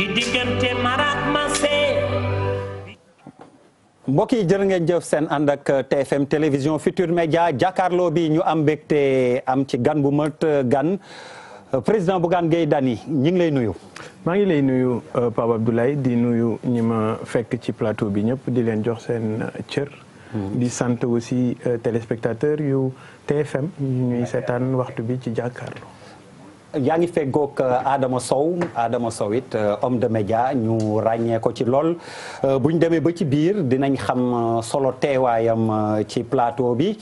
ci diggante maraak masé mbokk yi jërë ngeen jëf seen ànd ak TFM télévision Futur Média jàkkaarloo bi ñu am mbégte am ci gan bu mat gan président Bougane Gueye Dany ñi ngi lay nuyu. maa ngi lay nuyu euh, Pape Abdoulaye di nuyu ñi ma fekk ci plateau bi ñëpp di leen jox seen euh, cër. Hmm. di sant aussi euh, téléspectateur yu TFM ñuy seetaan waxtu bi ci jàkkaarloo. yaa ngi feggoog euh, Adama Sow Adama Sow it euh, homme de média ñu ràññee ci lool euh, buñ demee ba ci biir dinañ xam solo teewaayam ci plateau bi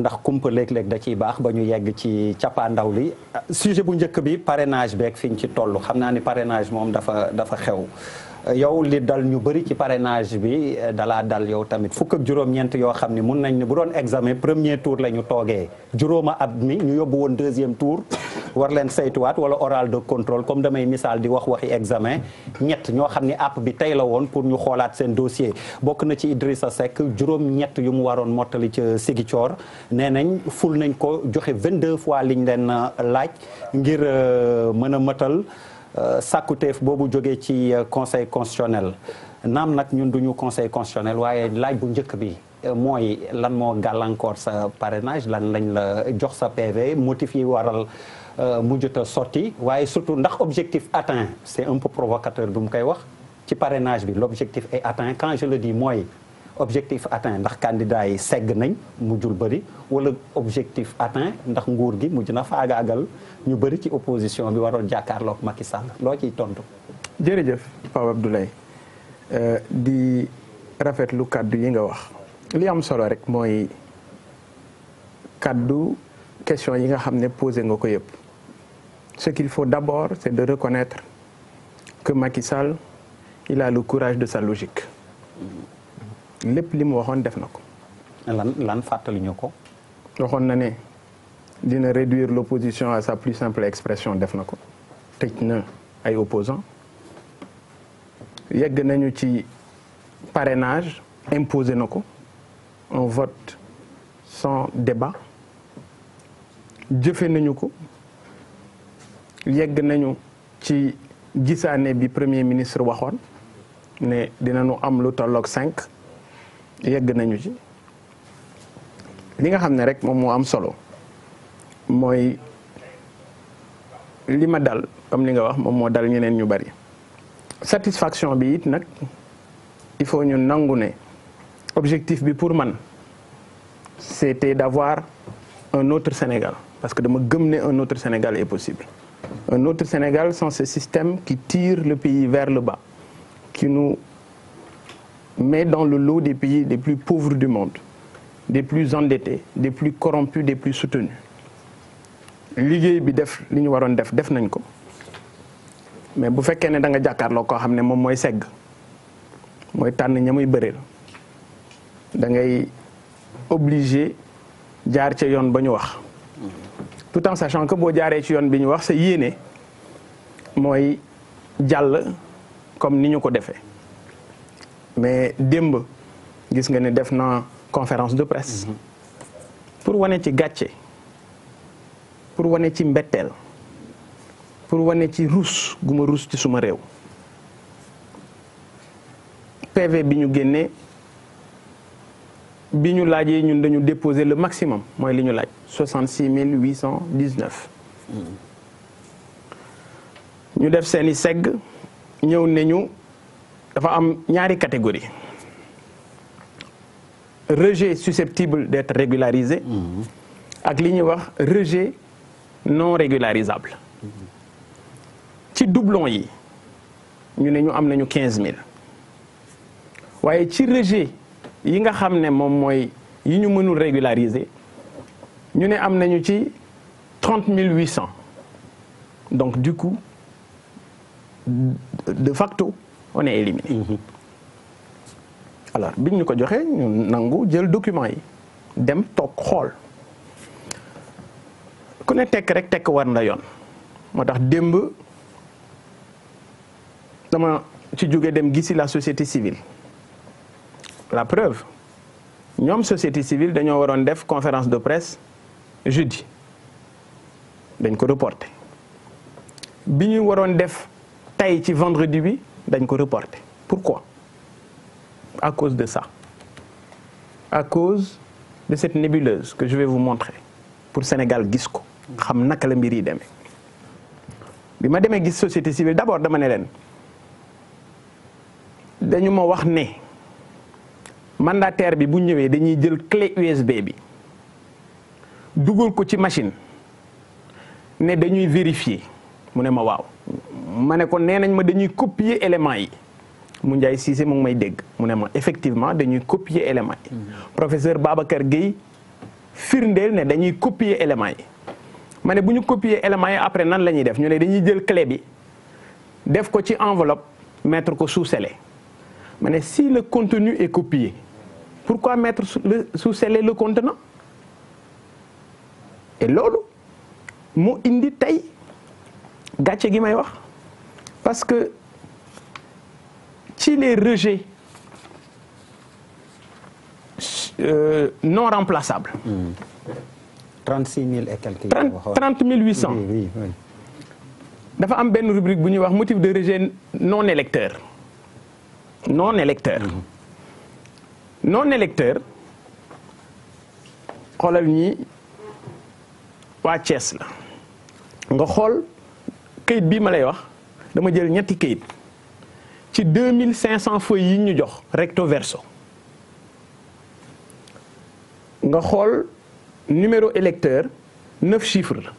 ndax kumpa léeg-léeg da ciy baax ba ñu yegg ci cappaandaw li sujet bu njëkk bi parenage beek fiñ ci toll xam naa ni parrainage moom dafa dafa xew. Euh, yow li dal ñu bëri ci parrainage bi euh, dalaa dal yow tamit fukk ak juróom-ñeent yoo xam ne mun nañ ne bu doon examen premier tour la ñu toogee juróoma at mi ñu yóbbu woon deuxième tour war leen saytuwaat wala oral de control comme damay misaal di wax waxi examen ñett ñoo xam ne app bi tey la woon pour ñu xoolaat seen dossier bokk na ci Idrissa Seck juróom-ñett yu mu waroon mottali ci Sigicoor nee nañ ful nañ ko joxe 22 fois liñ leen euh, laaj ngir mën a mëtal Euh, sàkkuteef bobu joge ci euh, conseil constitutionnel Nam nak ñun duñu conseil constitutionnel waye laaj bu ñëk bi euh, moy lan gal encore sa parrainage lan lañ la jox sa PV motif yi waral mujjuta sorti waye surtout ndax objectif atteint c'est un peu provocateur bu mkay wax ci parrainage bi l'objectif est atteint quand je le dis moy objectif atteint ndax candidat yi ségg nañ jul bari wala objectif atteint ndax nguur gi mujj na faagaagal ñu bari ci opposition bi waroon jàkkaarloog Macky Sall loo ciy tontu. jërëjëf Pape Abdoulaye euh, di rafetlu kàddu yi nga wax li am solo rek mooy kàddu question yi nga xam ne posé nga ko yëpp ce qu'il faut d'abord c'est de reconnaître que Macky Sall il a le courage de sa logique lépp li mu waxoon def na ko. lan lan fàttali ñu ko. waxoon na ne dina réduire l'opposition à sa plus simple expression def na ko na ay opposants yegg nañu ci parrainage imposé nako en un vote sans débat a nañu ko yegg nañu ci gisaane bi premier ministre waxoon ne dinañu am lu tolok 5 yegg nañu ci li nga xamné rek mom mo am solo mooy lima dal comme li nga wax dal ñeneen ñu satisfaction bi it il faut ñu nous objectif bi pour man c'était d'avoir un autre Sénégal parce que de me ne un autre Sénégal est possible un autre Sénégal sans ce système qui tire le pays vers le bas qui nous met dans le lot des pays les plus pauvres du monde des plus endettés des plus corrompus des plus soutenus liggéey bi def liñu waron def def nañ ko mais bu fekkee ne da nga jàkkaarloo koo xam ne moom mooy segg mooy tànn ña muy bëreel da ngay obligé jaar ci yoon bañu wax tout en sachant que bo jaaré ci yoon biñu wax sa yéene moy jall comme niñu ko défé mais demb gis nga né def na conférence de presse mm-hmm. pour wone ci gatché pour wone ci mbettel pour wone ci ruus guma ma ci suma rew PV biñu guenné biñu lajé ñun dañu déposer le maximum moy liñu ñu laaj 66 819 ñu def seeni segg ñew ne dafa am ñaari catégorie rejet susceptible d'être régularisé mm-hmm. ak liñu wax rejet non régularisables. Si nous yi ñu né ñu am nañu 15000. Waye ci rejet yi nga xamné mom moy yi ñu Donc du coup de facto on est éliminé. Mm-hmm. Alors biñ ñu ko joxé ñu nangu jël document yi dem tok ku ne rek tekk war na yoon motax demb dama ci jóge dem gisi la société civile la preuve ñom société civile dañoo waron def conférence de presse jeudi dañ ko reporté reportée. waron def tay ci vendredi bi dañ ko reporté pourquoi à cause de ça à cause de cette nébuleuse que je vais vous montrer pour Sénégal Gisco xam naka la mbir yi demee bi ma demee gis société civile d'abord dama ne leen dañu ma wax ne mandataire bi bu ñëwee dañuy jël clé USB bi dugal ko ci machine ne dañuy vérifier mu ne ma waaw ma ne ko nee nañ ma dañuy copier élément yi mu Ndiaye Cissé mu ngi may dégg mu ne ma effectivement dañuy copier élément yi mm-hmm. professeur Babacar Gueye firndeel ne dañuy copier élément yi mané si copier éléments après nan la def ñu dañuy jël clé bi def ko ci enveloppe mettre ko sous scellé mané si le contenu est copié pourquoi mettre sous scellé le contenant et lolu mu indi tay qui gi may wax parce que ci les rejets euh, non remplaçables. Hmm. 36 000 et quelques. 30 800 oui oui oui. dafa am rubrique bu wax motif de rejet non électeur non électeur. Mhm. non électeur xoolal ñi waa Thiès la nga xool un bii ma wax dama jël ci 2500 feuilles ñu jox recto verso nga numéro électeur neuf chiffres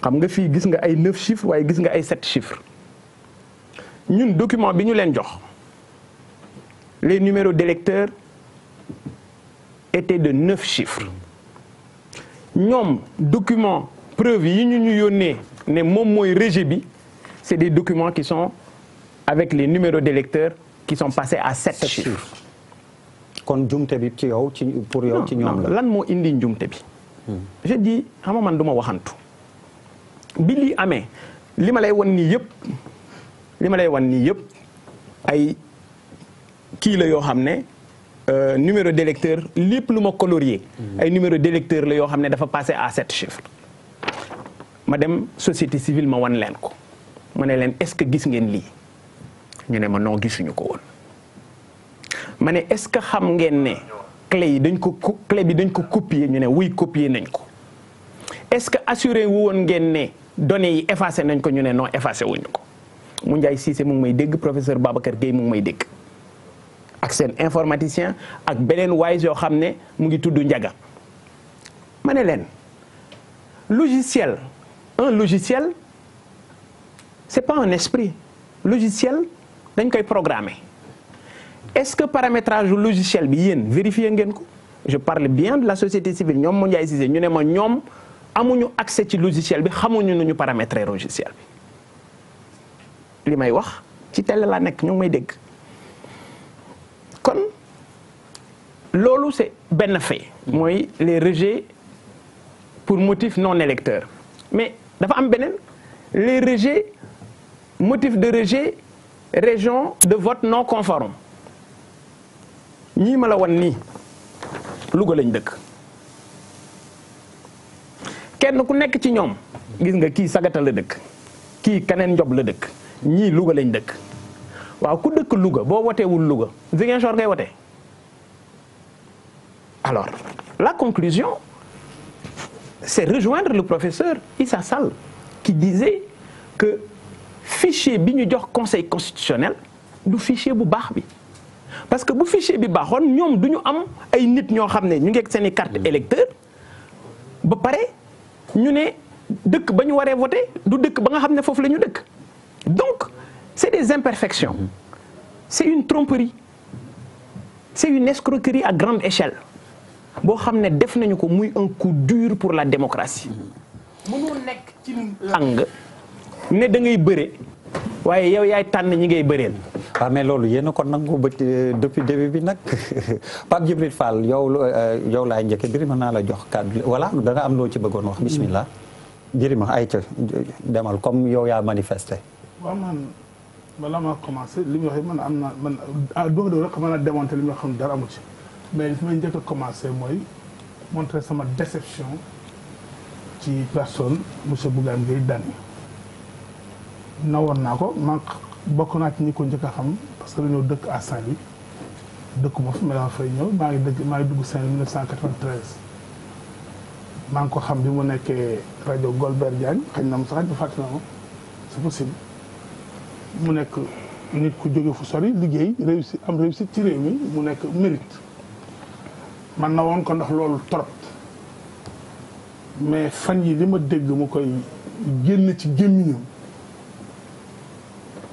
Comme vous nga 9 neuf chiffres ou gis nga sept chiffres ñun document le les numéros d'électeurs étaient de neuf chiffres Les document preuve yi ñu ñu ne c'est des documents qui sont avec les numéros d'électeurs qui sont passés à sept chiffres kon jumte bi ci yow ci pour yow ci ñom la lan mo indi bi hmm. je dis xama man duma bi li amé lima lay lay ay la euh, numéro d'électeur lépp luma colorier hmm. ay numéro d'électeur la yo xamné dafa à 7 chiffres ma société civile ma wan ko ne est-ce que gis li ñu non mané est-ce que xam ngeen ne clé yi dañ ko clé bi dañ ko copier ñu né wuy copier nañ ko est-ce que assurer wu won ngeen ne données yi effacer nañ ko ñu né non effacer wuñ ko mu Ndiaye Cissé mu may dégg professeur Babacar gey mu may dégg ak sen informaticien ak benen wise yo xamné mu ngi tuddu Ndiaga mané len logiciel un logiciel c'est pas un esprit logiciel dañ koy programmer est-ce que paramétrage logiciel bi vérifié je parle bien de la société civile Nous, avons njaay sise ñu ma amuñu accès ci logiciel bi xamuñu nu ñu paramétrer logiciel bi limay wax ci télé la nek ñu may dégg kon c'est ben fait les rejets pour motif non électeur mais dafa am les rejets motif de rejet région de vote non conforme ñi mala wan ni Louga lañ dëkk kenn ku nekk ci ñoom gis nga kii sagata la dëkk kii kaneen njob la dëkk ñii Louga lañ dëkk waaw ku dëkk Louga boo woteewul Louga Ziguinchor ngay wote alors la conclusion c'est rejoindre le professeur Issa Sall qui disait que fichier bi ñu jox conseil constitutionnel du fichier bu baax bi parce que bu fichier bi baaxoon ñoom du am ay nit ñoo xamné ñu ngi ak seen carte mm. électeur ba paré ñu ne dëkk ba ñu waree du dëkk ba nga xamné fofu lañu la dëkk donc c'est des imperfections mm. c'est une tromperie c'est une escroquerie à grande échelle Bo xamné def nañu ko muy un coup dur pour la démocratie mm. mënoo nek ci langue né da ngay bëre waye yow yaay tànn ñi ngay bëreel waaw ah, mais loolu yéen a ko nangu ba euh, depuis début bi nag Pape Djibril Fall yow euh, yow laay njëkke Birima naa la jox kàddu voilà dana am loo ci bëggoon wax bismillah Birima ayca demal comme yow yaa manifeste waaw man balaa maa commencé li mu wax man am na man ah, duma doo rek mën a démonté li mu xam dara amu ci mais li may njëkk a commencé mooy montré sama déception ci personne monsieur Bougane Gueye Dany nawoon naa ko bokk naa ci ñi ko njëkk a xam parce que dañoo dëkk à Saint-Louis dëkk moo fi Malang Faye ñëw maa ngi dëgg maa ngi dugg Saint-Louis 1993 maa ngi ko xam bi mu nekkee rajo Golbert Diagne xëy na mu sax du fàtte na ma c'est possible nekk nit ku jóge fu sori liggéey réussite am réussite ci réew mi mu nekk mérite man na woon ko ndax loolu trop mais fan yi li ma dégg mu koy génn ci gémmiñam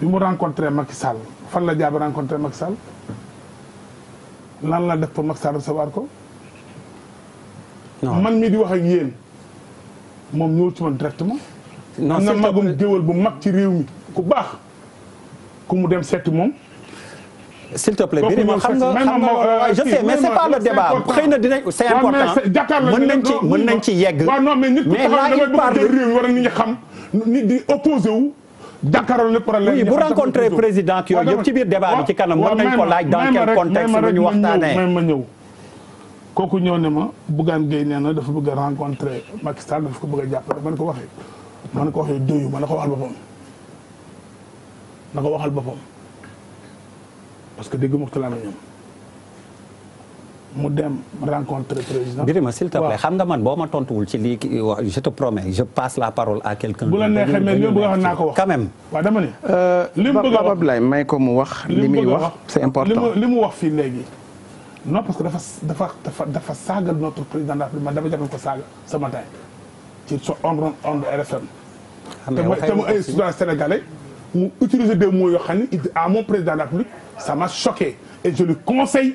bi mu rencontré Macky Sall fan la jaabi rencontré Macky Sall lan la def pour Macky Sall recevoir ko. man mii di wax a yéen moom ñëw ci man directement. non am na magum géwël bu mag ci réew mi ku baax ku mu dem seeti moom. s'il te plaît Birima xam nga xam nga je sais mais c'est pas le débat xëy na dinañ c'est important mën nañ ci mën nañ ci yegg. mais là il parle waaw non mais nit ku xam nit di opposé wu. jàkkaarloo le problème yi bu rencontré président yooyu yëpp ci biir débat bi ci kanam war nañ ko laaj dans quel ñu waxtaanee même ma ñëw kooku ñëw ne ma Bougane Gueye na dafa bëgg a rencontré Macky Sall dafa ko bëgg a jàppale man ko waxee man ko waxee doyu ma na ko waxal boppam na ko waxal boppam parce que dégg muxtalaana ñoom président. Birima s'il te plaît je te promets je passe la parole à quelqu'un quand même euh, c'est important non parce que dafa dafa notre président de ce matin ci suis en RFM. sénégalais utiliser des mots à mon président de la ça m'a choqué et je le conseille.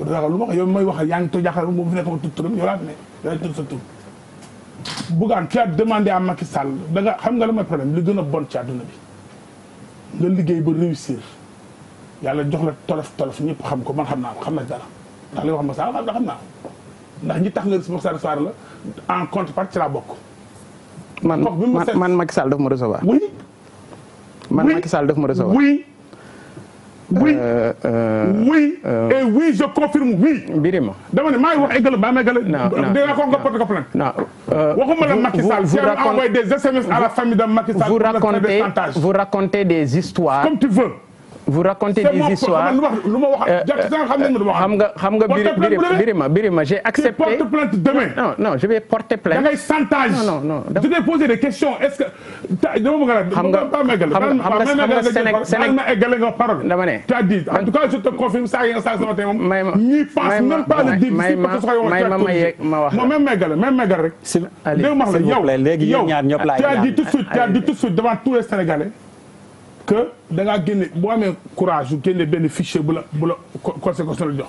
lu ma ko yow may wax yaa ngi toog jàkkaarloo moom fi fi sa tur. Bougane ki a demandé am Macky Sall da nga xam nga la mooy problème li gën a bon ci àdduna bi nga liggéey ba réussir yàlla jox la tolof tolof ñëpp xam ko man xam naa ko xam na dara ndax li wax ma Sall xam naa ko ndax ñi tax nga responsable Sarr la en contrepartie ci la bokk. man man Macky Sall daf ma recevoir. oui. man Macky Sall daf ma recevoir oui. oui euh, euh, oui euh, et oui je confirme oui. Birima dama ne maa ngi wax égal maa ne raconte pas de ko Non. porte la Macky Sall. vous vous envoyé des SMS à la famille de Macky Sall. vous racontez vous racontez des histoires. comme tu veux vous racontez des histoires xam j'ai accepté. tu plainte demain. non non je vais porter plainte. da ngay santage. non non je vais posé des questions est-ce que. tu as dit en tout cas je te confirme ça y est ça may même pas même mégal tu as dit tout de suite devant tous les Sénégalais que da ngaa génne boo courage génne benn fichier bu la bu la conseil constitutionnel jox.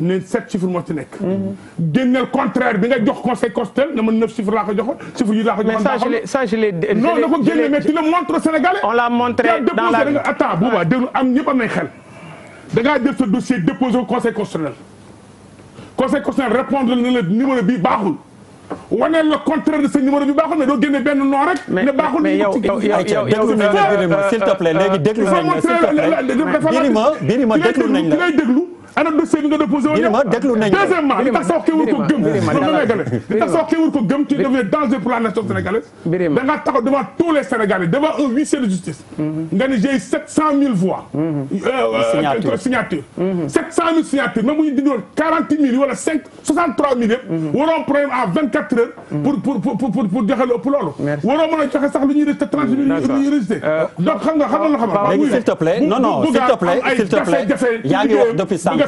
ne sept chiffres moo ci nekk. génneel contraire bi nga jox conseil constant n'a ma neuf chiffres la ko joxoon chiffres yi la ko joxoon. mais ça je l'ai ça je l'ai non na ko mais tu le montres au Sénégalais. on l'a montré dans la nga attends Bouba déglu am ñëpp am nañ xel. da ngaa jël sa dossier déposé au conseil constitutionnel conseil constitutionnel répondre le la numéro bi baaxul. waneel la contraire de sa numéro bi baaxul mais doo génne benn non rek. ne baaxul mais yow yow yow déglu nañ la Birima s'il te plaît léegi déglu nañ la s'il te plaît Birima Birima déglu nañ anam dossier bi nga déposé woni deuxièmement li tax sax ki wour ko gëm li tax sax ki wour ko gëm ci danger pour la nation sénégalaise da nga devant tous les sénégalais devant un huissier de justice mhm. nga ni j'ai 700 000 voix signature 700 000 signature même ñu dindol 40 000 wala 5 63 000 yëpp mhm. waroon problème à 24 heures mhm. pour pour pour pour pour joxal ëpp loolu waroo mën a joxe sax 30 000 lu euh, donc xam nga xam nga xam s'il te plaît non non s'il te plaît s'il te plaît yaa ngi wax depuis sànq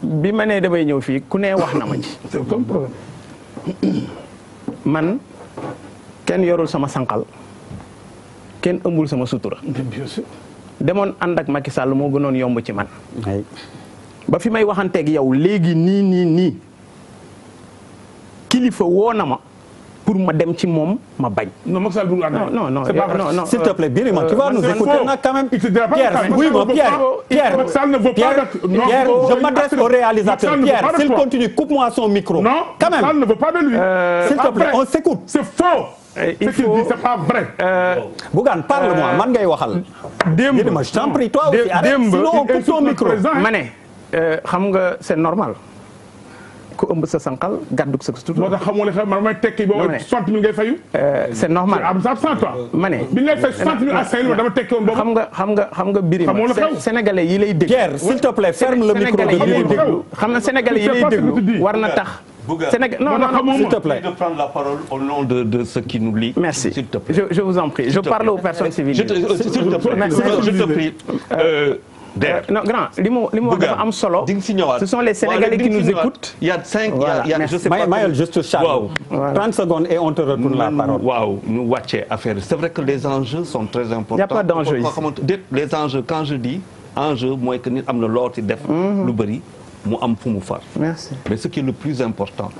bi ma nee damay ñëw fii ku ne wax na ma ci. man kenn yorul sama sànqal kenn ëmbul sama sutura. demoon ànd ak Macky Sall moo gënoon yomb ci man. ba fi may waxanteeg yow léegi nii nii nii kilifa woo na ma. pour ma dem ci ma bañ. non Macky Sall non non non s'il te plaît Birima euh, tu vas nous écouter on a quand même. Pierre oui moi, Pierre Pierre Pierre Pierre je m'adresse au réalisateur Pierre s'il continue coupe-moi son micro. quand même non ne veut pas de lui. Euh, s'il te plaît on s'écoute. c'est faux. Euh, il faut c'est pas vrai. Bougan, parle-moi man ngay waxal. je t'en prie toi aussi arrête sinon on coupe ton micro. Mané, ne xam nga c'est normal. Euh, c'est normal s'il te plaît ferme le micro s'il te plaît parole au nom de ceux qui nous merci je vous en prie je parle aux personnes civiles. Euh, prie. Euh, euh, non grand li mu li am solo. ce sont les Sénégalais qui nous écoutent. il y a cinq il y a je sais pas. Mayel juste Charles. waaw 30 secondes et on te retourne la mm, parole. waaw ñu wàccee affaire c'est vrai que les enjeux sont très importants. il y a pas d'enjeux ici les enjeux quand je dis enjeu mooy que nit am na loo ci def. Mm-hmm. lu bëri mu am fu mu far. merci mais ce qui est le plus important.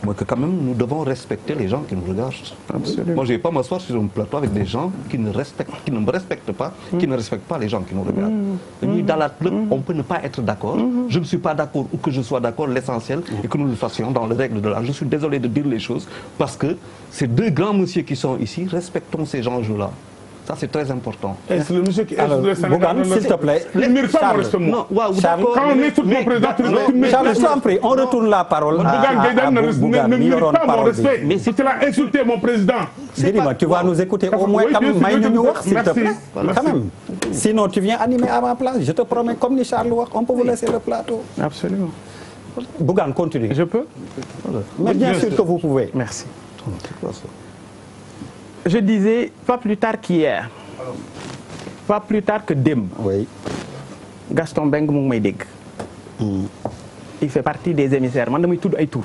– Moi, quand même nous devons respecter les gens qui nous regardent. Absolument. Moi, je ne vais pas m'asseoir sur un plateau avec des gens qui ne, respectent, qui ne me respectent pas, qui ne respectent pas les gens qui nous regardent. Mm. Dans la mm. club, mm. on peut ne pas être d'accord. Je ne suis pas d'accord ou que je sois d'accord, l'essentiel est que nous le fassions dans les règles de l'art. Je suis désolé de dire les choses parce que ces deux grands messieurs qui sont ici, respectons ces gens-là. Ça, c'est très important. Eh, Est-ce le monsieur qui est le s'il te plaît. Charles, non, Charles, Quand on on retourne la parole à, ah, ah, ne mérite pas mon respect. Mais si tu l'as insulté, mon président. dis tu vas nous écouter au moins quand même, s'il te plaît. Quand même. Sinon, tu viens animer à ma place. Je te promets, comme les Charles on peut vous laisser le plateau. Absolument. Bougan, continue. Je peux Mais bien sûr que vous pouvez. Merci je disais, pas plus tard qu'hier, pas plus tard que Dem, oui. Gaston Beng m'a dit il fait partie des émissaires. Moi, je tout à tout.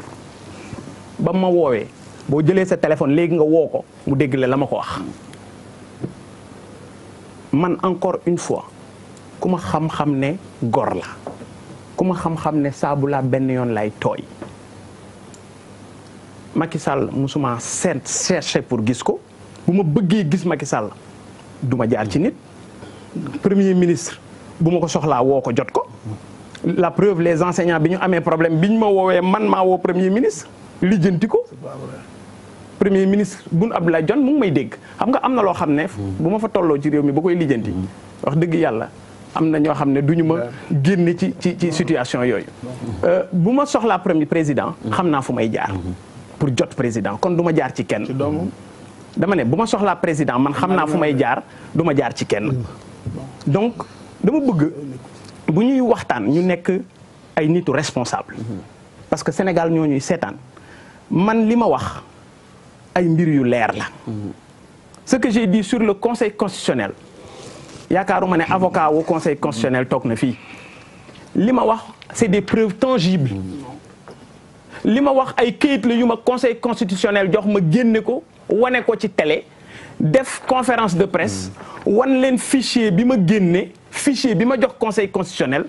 Quand je m'ai boo jëlee sa téléphone suis nga je ko mu la man encore une fois Comment je xam suis gor la xam suis Je lay Macky Sall pour Gisco? buma ma bëggee gis Macky Sall duma jaar ci nit premier ministre buma ko soxlaa woo ko jot ko la preuve les enseignants bi ñu amee problème biñ ma woowee man maa woo premier ministre lijjanti ko premier ministre Boun abdoulaye Dionne mu ngi may dégg xam nga am na loo xam ne hmm. bu ma fa tolloo ci réew mi ba koy lijjanti hmm. wax dëgg yàlla am na ñoo xam ne du ma hmm. génne ci ci ci situation yooyu euh, bu ma soxlaa premier président xam naa fu may jaar pour jot président kon du ma jaar ci kenn dama né buma ma soxlaa président man xamna fumay fu may jaar du jaar ci kenn donc dama bëgg bu ñuy waxtaan ñu nekk ay nitu responsable parce que Sénégal ñoo ñuy seetaan man lima wax ay mbir yu leer la ce que j'ai dit sur le conseil constitutionnel yaakaaruma ne avocat au conseil constitutionnel tok na fi lima wax c'est des preuves tangibles li ma wax ay la conseil constitutionnel jox ma je ko ko ci télé def conférence de presse wan len fichier bima guenné fichier bima jox conseil constitutionnel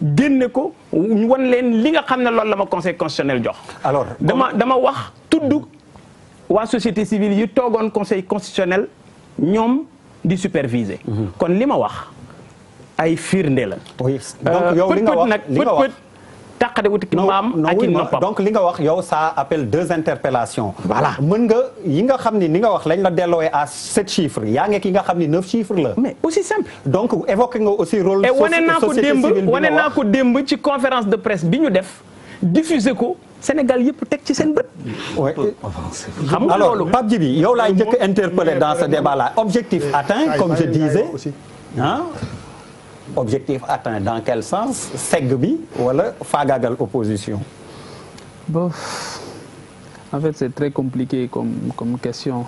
guenné ko ñu li nga conseil constitutionnel jox. alors dama dama wax wa société civile yu conseil constitutionnel ñom di superviser. Mhm. kon Lima wax ay donc yow donc li nga wax yow ça appelle deux interpellations voilà meun nga yi nga xamni ni nga wax lañ la à sept chiffres ya nga ki nga xamni neuf chiffres la mais aussi simple donc évoquer nga aussi rôle de la ko démb wane naa ko demb ci conférence de presse bi ñu def diffuser ko Sénégal yépp teg ci sen bët. ouais alors Pape Djibi yow lay jëk interpellé dans ce débat là objectif euh, atteint comme je disais Non objectif atteint dans quel sens Segbi ou wala faagaagal opposition bon en fait c'est très compliqué comme comme question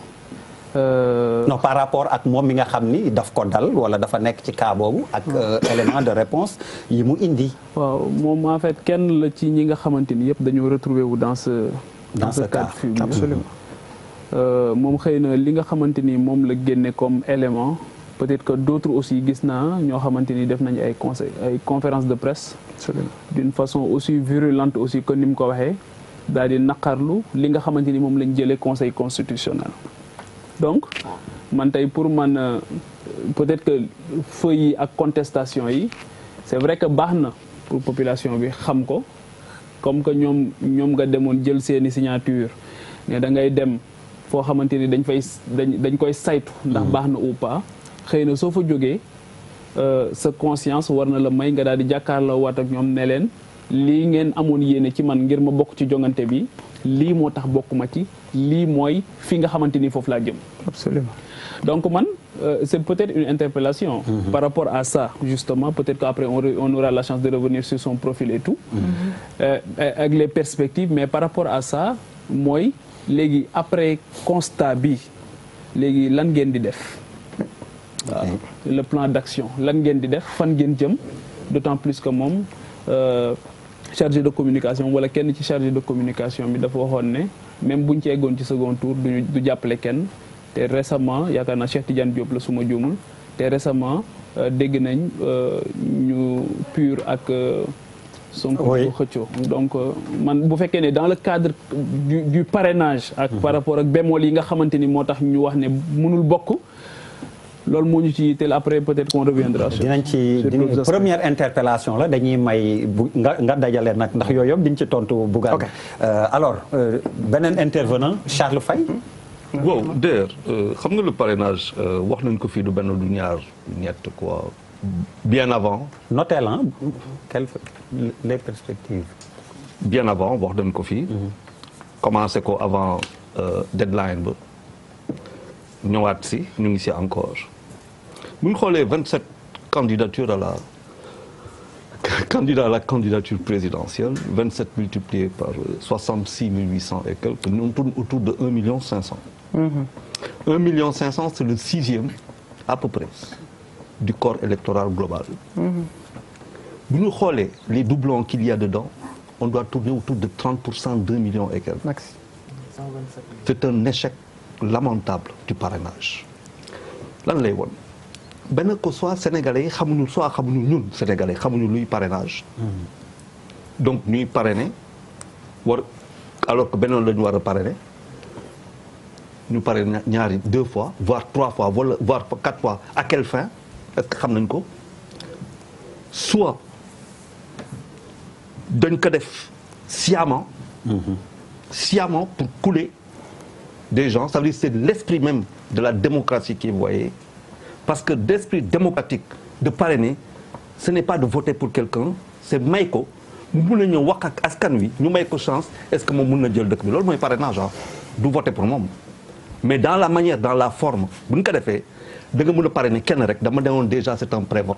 Euh... non par rapport à moom mi nga xam ni daf ko dal wala dafa nekk ci cas boobu ak euh, élément de réponse yi mu indi waaw en fait kenn la ci ñi nga xamante ni yëpp dañoo retrouver dans ce dans ce cas Absolument. Euh, moom xëy na li nga xamante ni moom la comme élément peut-être que d'autres aussi gis naa ñoo xamante def nañ ay conseil ay conférence de presse d'une façon aussi virulente aussi que nim ko waxé dal di nakarlu li nga xamanteni mom lañ jëlé conseil constitutionnel donc man tay pour man euh, peut-être que feuille ak contestation yi c'est vrai que baxna pour population bi xam ko comme que ñom ñom nga demone jël seen signature né da ngay dem fo xamanteni dañ fay dañ koy saytu ndax hmm. baxna ou pas xeyna na soo fa jógee euh, sa conscience warna na la may nga daal di jàkkaarloo waat ak ñoom ne leen ngeen amone yene ci man ngir ma bok ci jongante bi li motax bokuma ci li moy fi nga xamanteni fofu la jëm. absolument donc man euh, c'est peut-être une interpellation. Mm-hmm. par rapport à ça justement peut-être qu'après on on aura la chance de revenir sur son profil et tout. Mm-hmm. Euh, euh, avec les perspectives mais par rapport à ça moy légui après constat bi légui lan ngeen di def. Euh, le plan d'action lan ngeen di def fan ngeen jëm d'autant plus que moom euh, chargé de communication wala kenn ci chargé de communication bi dafa waxoon même buñ ci eggoon ci second tour du du jàppale kenn te récemment yaakaar naa Cheikh Tidiane Diop la su ma juumul te récemment euh, dégg nañ ñu pur ak Sonko xëccoo donc man bu fekkee ne dans le cadre du parrainage ak mhm. par rapport ak bémol yi nga xamante ni moo tax ñu wax ne mënul bokk lol moñu ci tel après peut-être qu'on reviendra sur dinañ ci première interpellation la dañuy may nga nga nak ndax yooyu yëpp diñ ci tontu Bougane euh, alors euh, benen intervenant Charles Fay waaw d'ailleurs euh, xam nga le parrainage wax nañ ko fi du ben du ñaar ñett quoi bien avant notel hein quelles les perspectives bien avant wax nañ ko fi mhm. commencé ko avant deadline ba ñëwaat si ñu ngi si encore nous avons 27 candidatures à la candidature présidentielle 27 multipliées par 66 euh, 800 et quelques nous tourne autour de 1 500. 000. 1 500 000, c'est le sixième à peu près du corps électoral global. Mhm. Nous avons les doublons qu'il y a dedans on doit tourner autour de 30 de 2 millions et quelques. c'est un échec lamentable du parrainage on ben que soit sénégalais xamnu soit ñun sénégalais xamnu luy parrainage. Hmm. donc ñuy parrainer war alors que nous, le wara war Nous parrainer ñu parrainer deux fois voire trois fois voire quatre fois à quelle fin est-ce que xamnañ ko soit dañ ko def sciemment. Hmm. sciemment pour couler des gens ça veut dire c'est l'esprit même de la démocratie qui est parce que d'esprit démocratique, de parrainer, ce n'est pas de voter pour quelqu'un, c'est Maïko. Nous avons une chance, est-ce que nous avons une chance C'est parrainage, hein. de voter pour moi. Mais dans la manière, dans la forme, vous ne fait, vous ne parrainer quelqu'un, déjà c'est un vote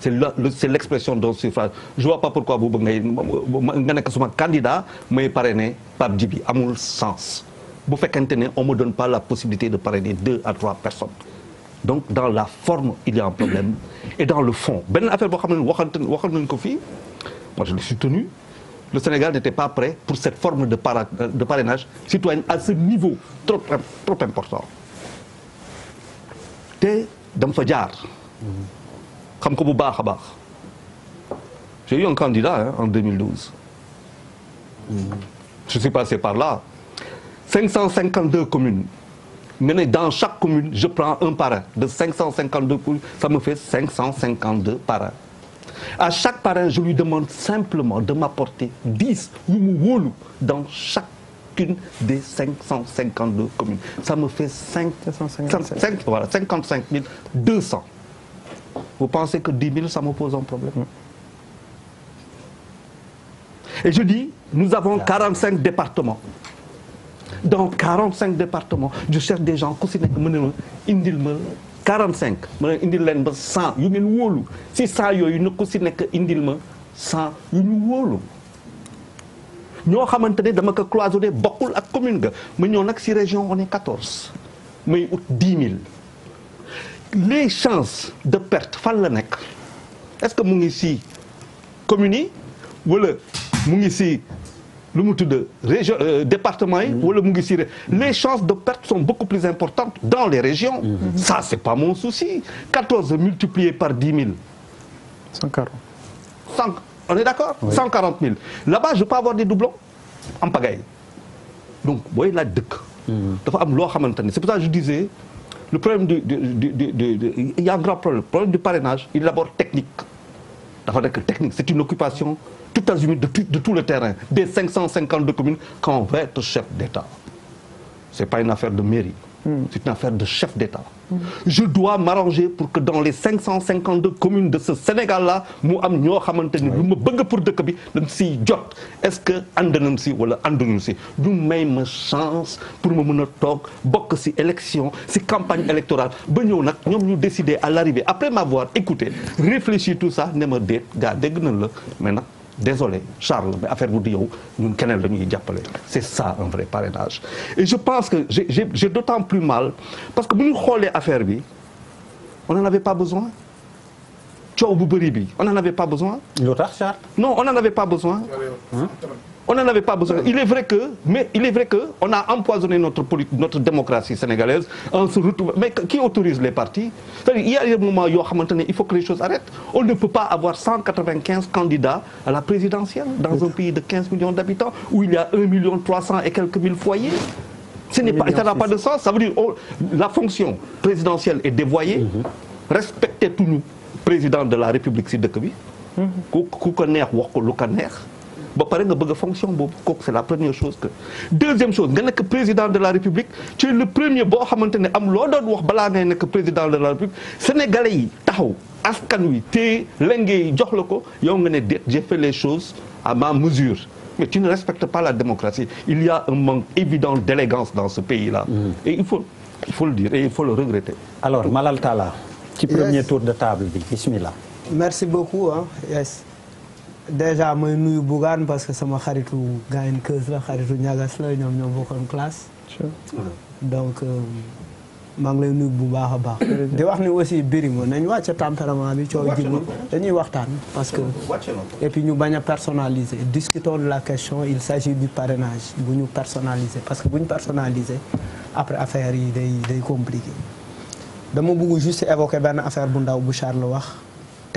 C'est l'expression d'un suffrage. Je ne vois pas pourquoi vous êtes candidat, mais parrainé par Dibi. À mon sens. Vous faites on ne me donne pas la possibilité de parrainer deux à trois personnes donc dans la forme il y a un problème et dans le fond Ben affaire moi je l'ai soutenu le Sénégal n'était pas prêt pour cette forme de parrainage citoyen à ce niveau trop important j'ai eu un candidat hein, en 2012 je suis passé par là 552 communes mais dans chaque commune je prends un parrain de 552 poules, ça me fait 552 parrains à chaque parrain je lui demande simplement de m'apporter 10 ñu dans chacune des 552 communes ça me fait 55 200 vous pensez que 10 000 ça me pose un problème et je dis nous avons 45 départements dans 45 départements je cherche des gens qui sont 45 ma ne indil leen ba 100 yu ngeen 100 yooyu na ku si ma 100 yu ñu wóolu ñoo nous avons dama ko cloisonné bokkul ak commune région on est 14 mais ut 10 000 les chances de perte fan la est-ce que mu ngi ici communes yi le région euh, département ou le les chances de perte sont beaucoup plus importantes dans les régions mhm. ça c'est pas mon souci 14 multiplié par 10 000 140 100 on est d'accord 140 000 là-bas je peux avoir des doublons en pagaille donc vous voyez, là, mhm. dafa c'est pour ça que je disais le problème du, il y a un grand problème le problème du parrainage il est d'abord technique technique c'est une occupation tout de, de tout le terrain des 552 communes quand on va être chef d'État Ce n'est pas une affaire de mairie Mm. C'est une affaire de chef d'État. Mm. Je dois m'arranger pour que dans les 552 communes de ce Sénégal-là, nous am ñoo xamante que lu pour de bi est-ce que nous nañ si wala de si du may ma chance pour que mën a ces élections, élection électorales. campagne électorale Nous avons décidé à l'arrivée après m'avoir écouté réfléchi tout ça nous me déet désolé Charles mais affaire vous dit, nous ñun de pas c'est ça un vrai parrainage et je pense que j'ai d'autant plus mal parce que nous avons affaire on n'en avait pas besoin Tu bu bëri bi on n'en avait pas besoin. non on n'en avait pas besoin. Hein? On n'en avait pas besoin. Il est vrai que, mais il est vrai que, on a empoisonné notre, notre démocratie sénégalaise Mais qui autorise les partis Il y a un moment où il faut que les choses arrêtent. On ne peut pas avoir 195 candidats à la présidentielle dans un pays de 15 millions d'habitants où il y a 1,3 million 300 et quelques mille foyers. Ce n'est pas, ça n'a pas de sens. Ça veut dire oh, la fonction présidentielle est dévoyée. Mm-hmm. Respectez tous nous, président de la République Sidekabi. Mm mm-hmm ba nga fonction c'est la première chose que deuxième chose nga le président de la république Tu es le premier bonhomme à am lo doon wax bala ngay président de la république sénégalais yi taxaw askan wi té lengee jox yow nga j'ai fait les choses à ma mesure mais tu ne respectes pas la démocratie il y a un manque évident d'élégance dans ce pays-là mm. et il faut le dire et il faut le regretter alors Malal est ci premier tour de table bismillah merci beaucoup hein déjà moy nuyu Bougane parce que sama xaritou gaayen keuse la xaritou ñagas la ñom ñom bokon classe donc euh, maa ngi lay nuyu bu baaxa baax di wax ni aussi mo nañ wàcc tempérament bi coow jibul dañuy waxtaan parce que et puis ñu bañ a personnaliser discutons de la question il s'agit du parrainage bu ñu personnaliser parce que bu ñu personnaliser après affaire yi day day compliqué dama bëgg juste évoquer benn affaire bu ndaw bu Charles wax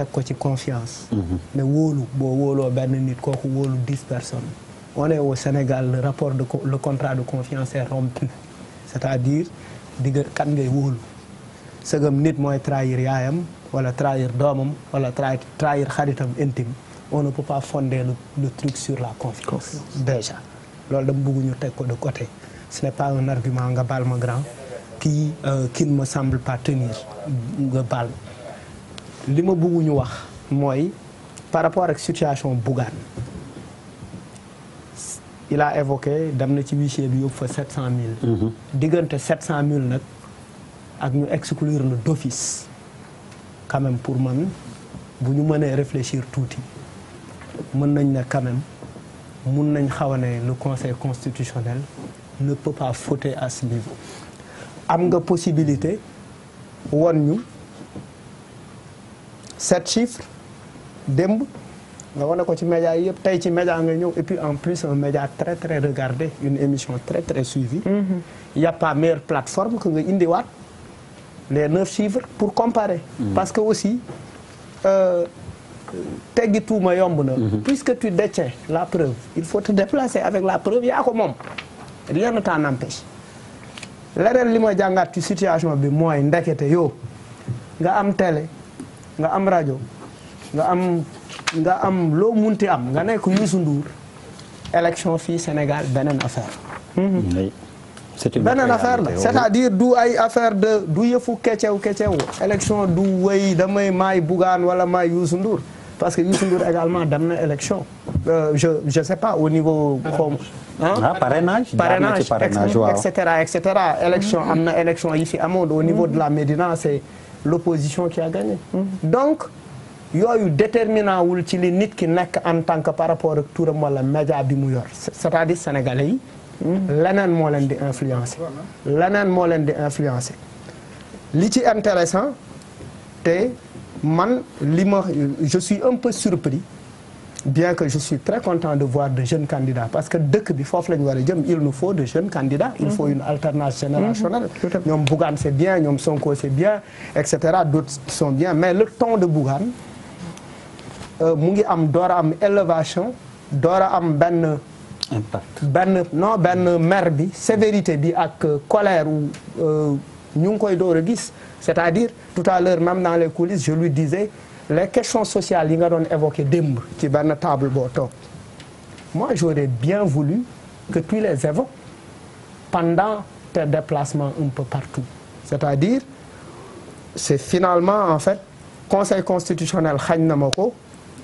Côté confiance. Mhm. mais wóolu boo wóoloo benn nit kooku wóolu 10 personnes. on est au Sénégal le rapport de le contrat de confiance est rompu c'est-à-dire digga kat ngay que sëgam nit moi trahir ou wala trahir Domum, ou trahir trahir xaritam intime on ne peut pas fonder le, truc sur la confiance déjà de côté ce n'est pas un argument nga grand qui qui ne me semble pas tenir nga balle. Le ma bëgguñu wax que par rapport à la situation Bougane il a évoqué que le ci huissier 700 000, fa nous mhm. diggante 700000 nag ak ñu exclure d'office quand même pour moi, bu nous réfléchir tout, nous Je ne quand même je ne le conseil constitutionnel ne peut pas voter à ce niveau Il y a une possibilité nous, 7 chiffres média et puis en plus un média très très regardé une émission très très suivie il mm-hmm. n'y a pas meilleure plateforme que nga les 9 chiffres pour comparer mm-hmm. parce que aussi euh, mm-hmm. puisque tu détiens la preuve il faut te déplacer avec la preuve y ko comment, rien ne t'en empêche leneen que tu jàngaat ci situation bi mooy ndekete yow nga am télé nga am radio nga am nga am lo munti am nga nek Youssou Ndour élection fi Sénégal benen affaire mhm. benen affaire la c'est-à-dire dou ay affaire de dou yëfu kecew kecew élection dou wey damay may Bougane wala may Youssou Ndour parce que Youssou Ndour également damna na euh, je je sais pas au niveau comme hein? ah parrainage parrainage et cetera et cetera élection am na élection yi fi amoon au niveau de la Médina c'est l'opposition qui a gagné. donc il y déterminant eu ci li nit ki nekk en tant que par rapport au turam de média bi Mouyor, c'est-à-dire sénégalais L'année leneen moo leen di influencer. L'année moo de di influencer. li ci intéressant c'est que je suis un peu surpris bien que je suis très content de voir de jeunes candidats parce que dès que foofu forces il nous faut de jeunes candidats il faut une alternance générationnelle mhm. ñoom Bougan c'est bien N'Yom Sonko c'est bien etc. d'autres sont bien mais le ton de Bougan, euh, mu am Dora am élévation Dora am non ben sévérité bi ak colère ou euh, c'est-à-dire tout à l'heure même dans les coulisses je lui disais les questions sociales il nga évoqué qui la table moi j'aurais bien voulu que tu les évoques pendant tes déplacements un peu partout c'est-à-dire c'est finalement en fait conseil constitutionnel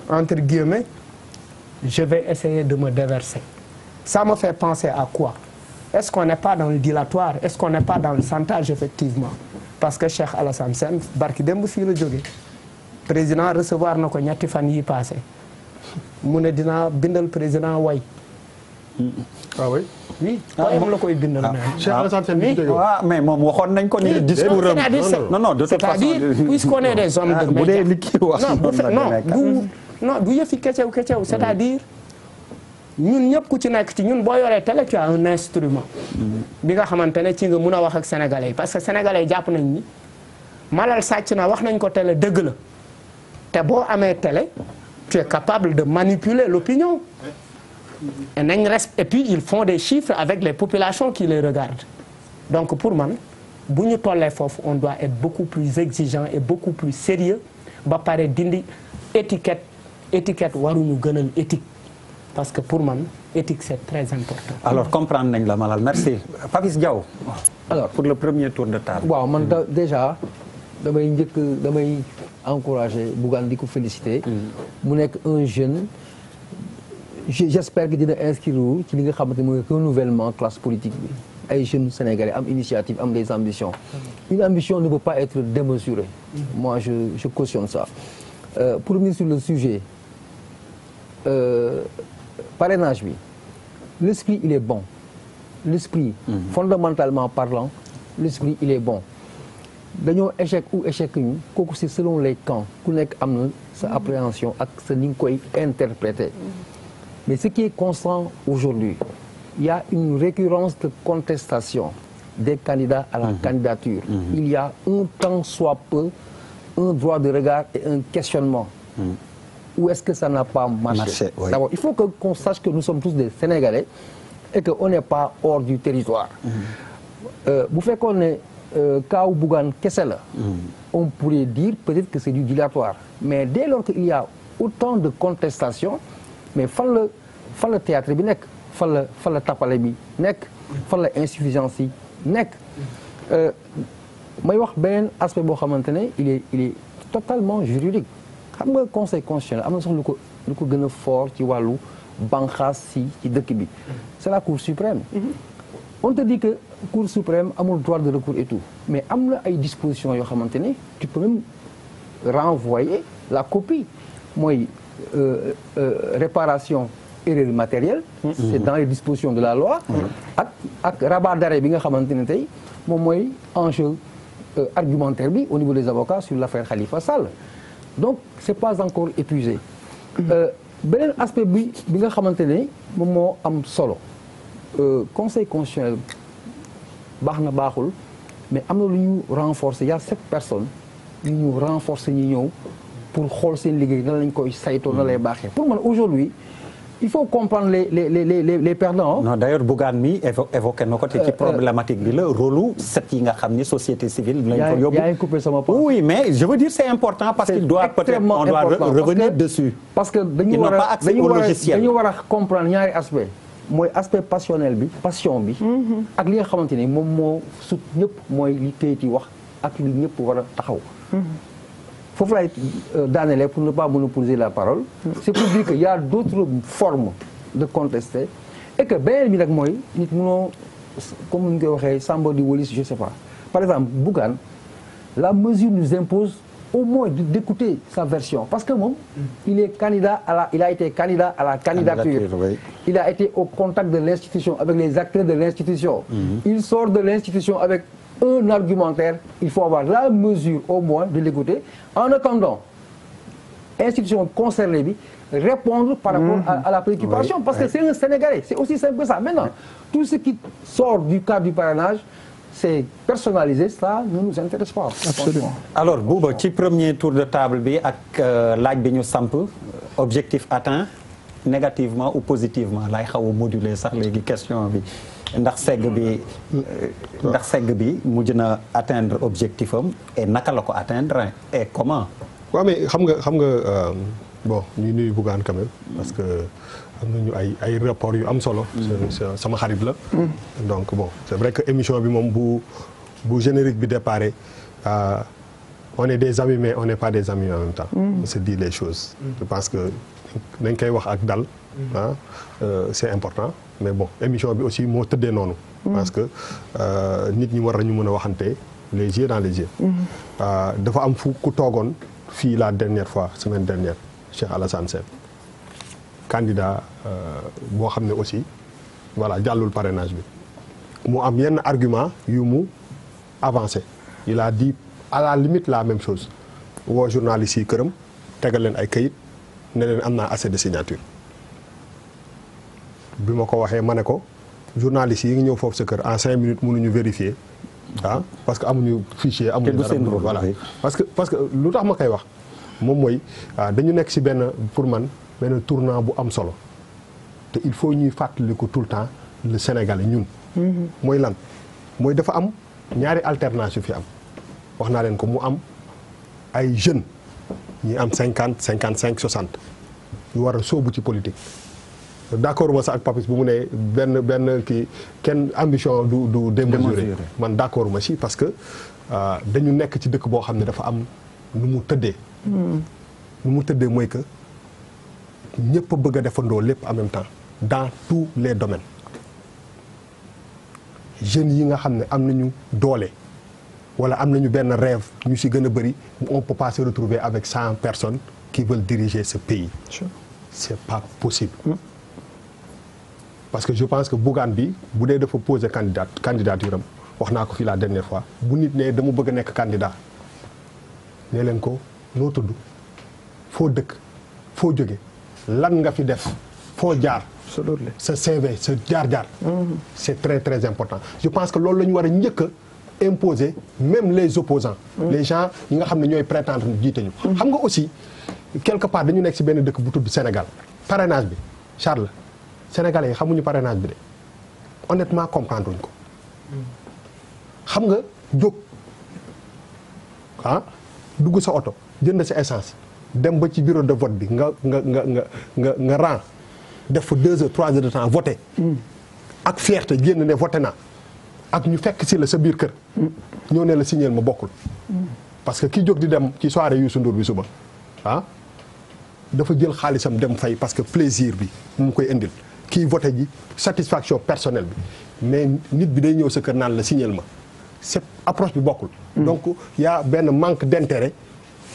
entre guillemets je vais essayer de me déverser ça me fait penser à quoi est-ce qu'on n'est pas dans le dilatoire est-ce qu'on n'est pas dans le santage, effectivement parce que Cheikh Alassane bar barki démb président recevoir na ko ñetti fan yii passé mu ne dinaa bindal président way ah oui. la koy bindal. naa ah. Cheikh Alassane Sène ah, moom waxoon nañ ko ni discours non non de c'est-à-dire euh, puisqu'on est des hommes ah, de bu dee li wax non du yëfi kecew kecew mm. c'est-à-dire. ñun ñëpp ku ci nekk ci ñun boo yoree télé tu as un instrument. Mm. bi nga xamante ne ci nga mun a wax ak sénégalais parce que sénégalais yi jàpp nañ ni malal sàcc na wax nañ ko télé dëgg la. bon à mettre télé tu es capable de manipuler l'opinion et puis ils font des chiffres avec les populations qui les regardent donc pour moi, on doit être beaucoup plus exigeant et beaucoup plus sérieux ba pare dindi étiquette étiquette ñu gënal éthique parce que pour moi, éthique c'est très important. alors comprendre nañ la malal merci Papis Diaw. alors pour le premier tour de table. waaw man déjà damay ñëk damay encouragé Bougan pour féliciter. félicité. Mm-hmm. un jeune. J'espère qu'il que dina inscrire vous renouvellement que xamante renouvellement classe politique Les jeunes sénégalais une initiative am des ambitions. Mm-hmm. une ambition ne peut pas être démesurée. Mm-hmm. moi je cautionne ça. Euh, pour revenir sur le sujet euh, parrainage l'esprit il est bon l'esprit fondamentalement parlant l'esprit il est bon échec ou échec selon les camps ku mm-hmm. appréhension ak ni mm-hmm. mais ce qui est constant aujourd'hui il y a une récurrence de contestation des candidats à la mm-hmm. candidature il y a un temps soit peu un droit de regard et un questionnement Où est-ce que ça n'a pas marché, il faut que qu'on sache que nous sommes tous des Sénégalais et qu'on n'est pas hors du territoire faites qu'on est euh, Kaou Bougan Kessel, mm. on pourrait dire peut-être que c'est du dilatoire. Mais dès lors qu'il y a autant de contestations, mais fan le, fan le théâtre, fan le, fan le tapalemi, le l'insuffisance, nek. Euh, mais ben aspect il est, il est totalement juridique. xam nga conseil constitutionnel am na il lu ko ko fort ci wàllu banqaas banque ci c'est la cour suprême mm-hmm. on te dit que cour suprême le droit de recours et tout mais am na ay dispositions à xamante tu peux même renvoyer la copie moy euh, euh, réparation erreur matérielle mmh. c'est dans les dispositions de la loi mmh. ak ak rabat d'arrêt bi nga xamante ne tey moom enjeu euh, argumentaire bi au niveau des avocats sur l'affaire Khalifa Sall donc c'est pas encore épuisé mmh. euh, beneen aspect bi bi nga xamante ne am solo euh, conseil constitutionnel baxna baxul mais amna na lu ñu renforcer ya a sept personnes ñu renforcer ñi ñew pour xol seen ligue nan lañ koy saytoo na lay baxé pour man aujourd'hui il faut comprendre les les les les les perdants. Hein. non d'ailleurs Bougan mi évoqué na ko te ci euh, euh, problématique bi la rôle lu set yi nga xam société civile. lañ ko yóbbu yaa ngi coupé sama point. oui mais je veux dire c'est important. parce qu'il doit peut-être on doit revenir dessus. parce que dañu war a dañu war a comprendre ñaari aspect moi, aspect passionnel bi passion bi. Mm-hmm. ak li nga li wax ak mm-hmm. euh, pour ne pas monopoliser la parole. Mm-hmm. c'est pour dire qu'il y a d'autres formes de contester et que ben mi moy nit comme je sais pas par exemple bougan la mesure nous impose au moins d'écouter sa version. Parce que moi, il, est candidat à la, il a été candidat à la candidature. Il a été au contact de l'institution, avec les acteurs de l'institution. Mhm. Il sort de l'institution avec un argumentaire. Il faut avoir la mesure au moins de l'écouter. En attendant, institution concernée, répondre par rapport à, mhm. la préoccupation. Parce que c'est un Sénégalais. C'est aussi simple que ça. Maintenant, tout ce qui sort du cadre du parrainage, c'est personnalisé, ça ne nous intéresse pas. Absolument. Alors, Bouba, qui premier tour de table bi ak euh, laaj bi euh, objectif atteint négativement ou positivement Là, il faut moduler sax léegi question bi ndax segg bi euh, ndax bi atteindre objectif et naka atteindre et comment. Oui, mais xam nga xam nga bon ni nuyu Bougane quand même parce que am nañu ay ay rapport yu am solo. Mm. sama xarit la. Mm. donc bon c'est vrai que émission bi mom bu bu générique bi déparé euh, on est des amis mais on n'est pas des amis en même temps. Mm. on se dit les choses. je pense que dañ koy wax ak dal. Ah, euh, c'est important mais bon émission bi aussi mo teudé noonu. parce que euh, nit ñi war nañu mën a les yeux dans les yeux. dafa am fu ku togon fi la dernière fois semaine dernière Cheikh Alassane candidat euh, boo xam aussi voilà le parrainage bi mu am yenn argument yu mu avancé il a dit à la limite la même chose woo journaliste yi këram tegal leen ay kayit né len amna assez de signature bima ko waxé mané ko journaliste yi ngi ñëw fofu sa kër en cinq minutes ñu vérifier hein parce que amuñu fichier amuñu voilà parce que parce que lutax ma kay wax mom moy ah, dañu nekk ci ben pour man mais un tournons pour Amsolo. Il faut que nous fassions tout le temps le Sénégal. Nous. Moi, de il y a des alternatives. Il y a des jeunes qui ont 50, 55, 60. Ils ont un saut politique. D'accord, avec Papis, vous avez ben, ben, qui, ambition de, démesurer. Je suis d'accord, aussi parce que nous sommes dans le monde Nous sommes tous les deux. Nous sommes des les ñëpp bëgg faire lépp en même temps dans tous les domaines jeunes yi nga xamné ne am nañu doole wala am nañu rêve ñu ci gëna bëri on peut pas se retrouver avec 100 personnes qui veulent diriger ce pays ce c'est pas possible mm. parce que je pense que Bougane bi bu dee dafa poser candidat candidature am On la dernière fois bu nit né dama bëgg candidat Né len ko lo tudd fo dëkk fo joggé lan nga fi def foo se servir, se sa mm-hmm. c'est très très important je pense que l'on ne doit rien imposer même les opposants mm-hmm. les gens ils nga xam ne prétendre ñu. Mm-hmm. xam aussi quelque part dañu nekk ci de dëkk bu du Sénégal parrainage Charles sénégalais yi xamuñu parrainage bi de honnêtement comprendre wuñ ko. xam nga jóg ah dugg sa oto jënd sa essence dem ba ci bureau de vote bi nga nga nga nga nga nga rang def 2 heures trois heures de temps voter ak fierté genn né voter na ak ñu fekk ci la sa biir kër. ñoo né la signeel ma bokul parce que ki jog di dem ci soirée yu Ndour bi suba ah dafa jël xaalisam dem fay parce que plaisir bi mu koy andil ki voter ji satisfaction personnelle bi mais nit bi day ñëw sa kër naan la signeel ma cette approche bi bokul mm. donc y a ben manque d'intérêt.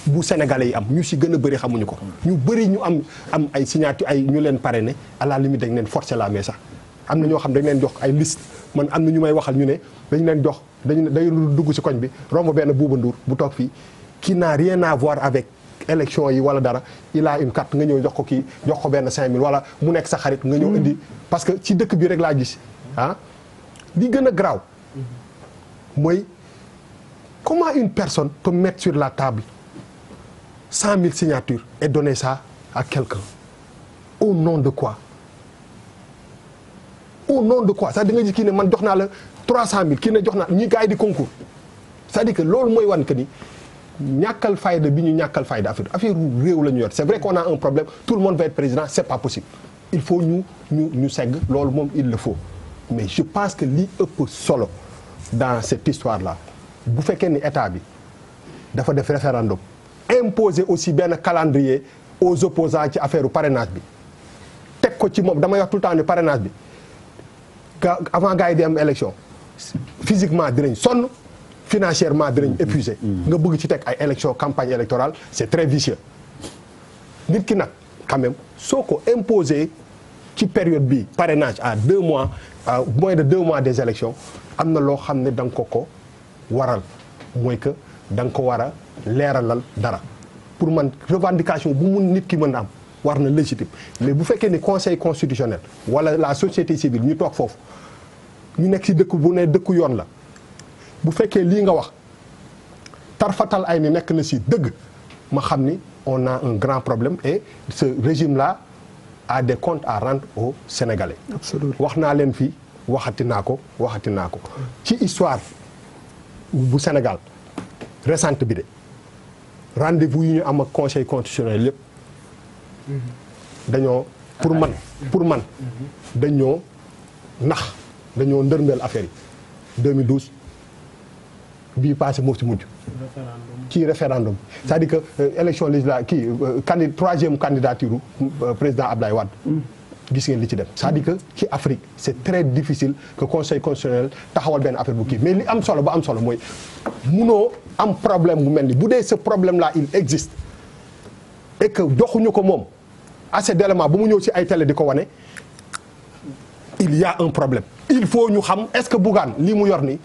bu sénégalais yi am ñu si gën a bëri xamuñu ko ñu bëri ñu am am ay signature ay ñu leen pare ne la limite dañ leen forcer la main sax am na ñoo xam dañ leen jox ay liste man am na ñu may waxal ñu ne dañ leen jox dañu dañu dugg si koñ bi romb benn Bouba Ndour bu toog fii ki n'a rien à voir avec élection yi wala dara il une carte nga ñëw jox ko kii jox ko benn 5000 wala mu nekk sa xarit nga ñëw mm-hmm. indi parce que ci dëkk bi rek laa gis ah li gën a graaw mm-hmm. mooy comment une personne peut mettre sur la table 100 000 signatures et donner ça à quelqu'un. Au nom de quoi Au nom de quoi Ça veut dire qu'il ne manque 300 000, qu'il ne manque des concours. Ça veut dire que c'est ce que ñàkkal fayda bi ñu c'est vrai qu'on a un problème tout le monde va être président c'est pas possible il faut que nous nous il le faut mais je pense que li peut solo dans cette histoire là bu faites ni état bi dafa def référendum imposer aussi bien calendrier aux opposants ci affaire parrainage bi teg ko ci mom dama wax tout le temps le parrainage bi avant gars yi di am élection physiquement dinañ sonn financièrement dinañ épuisé nga bëgg ci tek ay élection campagne électorale c'est très vicieux nit ki nak quand même Soko imposer ci période bi parrainage à deux mois à moins de deux mois des élections amna lo xamné dang ko ko waral que dang ko wara leeralal dara pour man revendication bu mun nit ki mën am warna légitime mais bu que ni conseil constitutionnel wala la société civile ñu tok fofu ñu nekk ci dëkk bu né là yoon la bu fekkee li nga wax tarfatal ay ni nekk na ci dëgg ma xamni on a un grand problème et ce régime là a des comptes à rendre aux Sénégalais. absolument wax naa leen waxati nako, waxati nako. ci histoire bu Sénégal récente bi rendez-vous yu ñu am ak conseil constitutionnel lépp dañoo pour man pour man dañoo nax dañoo ndërmeel affaire yi 2012 bii passé moo si mujj ci référendum cest à que euh, élection législative kii euh, candi troisième candidature euh, président Abdoulaye Wade mm. gis ngeen li ci dem ça dit que ci Afrique c'est très difficile que conseil constitutionnel taxawal ben affaire bu ki mais li am solo ba am solo moy munoo am problème bu melni ni ce problème là il existe et que doxuñu ko moom assez d'éléments bu mu ñëw ci ay télé diko wané il y a un problème il faut ñu xam est-ce que Bougane li mu yor nii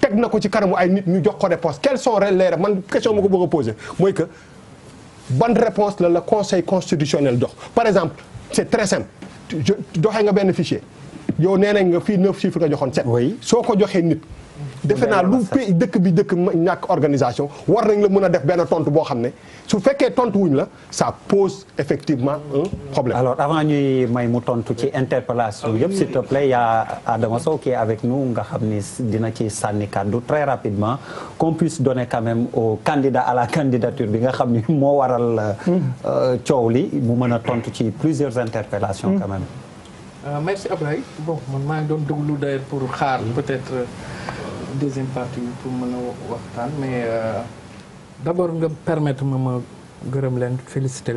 teg na ci karamu ay nit ñu jox ko réponse quelles sont les man question mako bëgg poser moy que bonne réponse la conseil constitutionnel dox par exemple c'est très simple. Tu dois bénéficier. Tu as Il y a 9 chiffres qui sont 7. Si tu as un fichier, defe à lu pays dëkk bi dëkk ñàkk organisation war nañ la mën a def benn tontu boo xam ne su fekkee tontu wuñ la ça pose effectivement un problème. alors avant ñuy may mu tontu ci interpellation s'il te plaît il y a Adama Asso qui est avec nous nga va ni dina ci très rapidement qu'on puisse donner quand même au candidat à la candidature bi nga xam ni moo waral euh, hmm. coow li mu a tontu ci plusieurs interpellations quand hmm. même. Euh, merci Abraï. bon man maa ngi doon déglu pour xaar hmm. peut-être. Euh, deuxième partie pour mon mais euh, d'abord, je permettre ma ma féliciter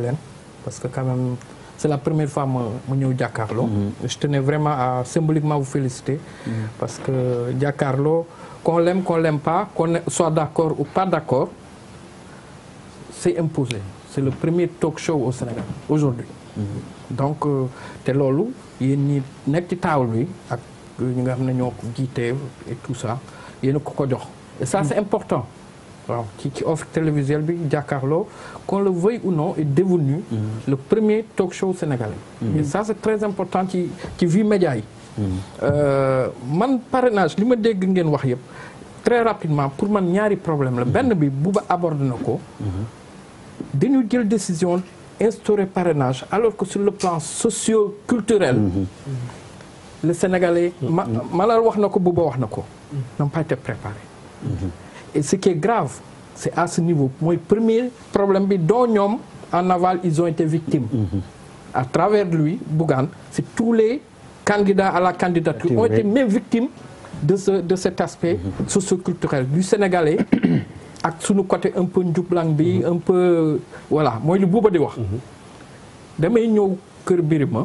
parce que quand même c'est la première fois ma ma ñëw mm-hmm. je tenais vraiment à symboliquement vous féliciter. Mm-hmm. parce que jacarlo qu'on l'aime qu'on l'aime pas qu'on soit d'accord ou pas d'accord, c'est imposé C'est le premier talk show au Sénégal aujourd'hui mm-hmm. donc c'est euh, loolu yéen bi ak le gens et tout ça ko ko et ça c'est important. Qui offre télévisuel bi Diakarlo, qu'on le veuille ou non est devenu. Mm-hmm. le premier talk show sénégalais. et mm-hmm. ça c'est très important qui vit vie média yi. Mm-hmm. Euh, parrainage lima dégg wax très rapidement pour man ñaari problème la benn bi Bouba aborde na ko. dañu jël décision instaurer parrainage alors que sur le plan socio-culturel le Sénégalais. Mm-hmm. malheureusement, Malal mm-hmm. n'ont pas été préparés. Mm-hmm. et ce qui est grave c'est à ce niveau Mon premier problème bi en aval ils ont été victimes. à travers lui Bougan, c'est tous les candidats à la candidature ont été même victimes de ce de cet aspect socio-culturel du Sénégalais. ak sunu côté un peu njublang bi un peu voilà moy lu Bouba di wax. damay ñew kër Birima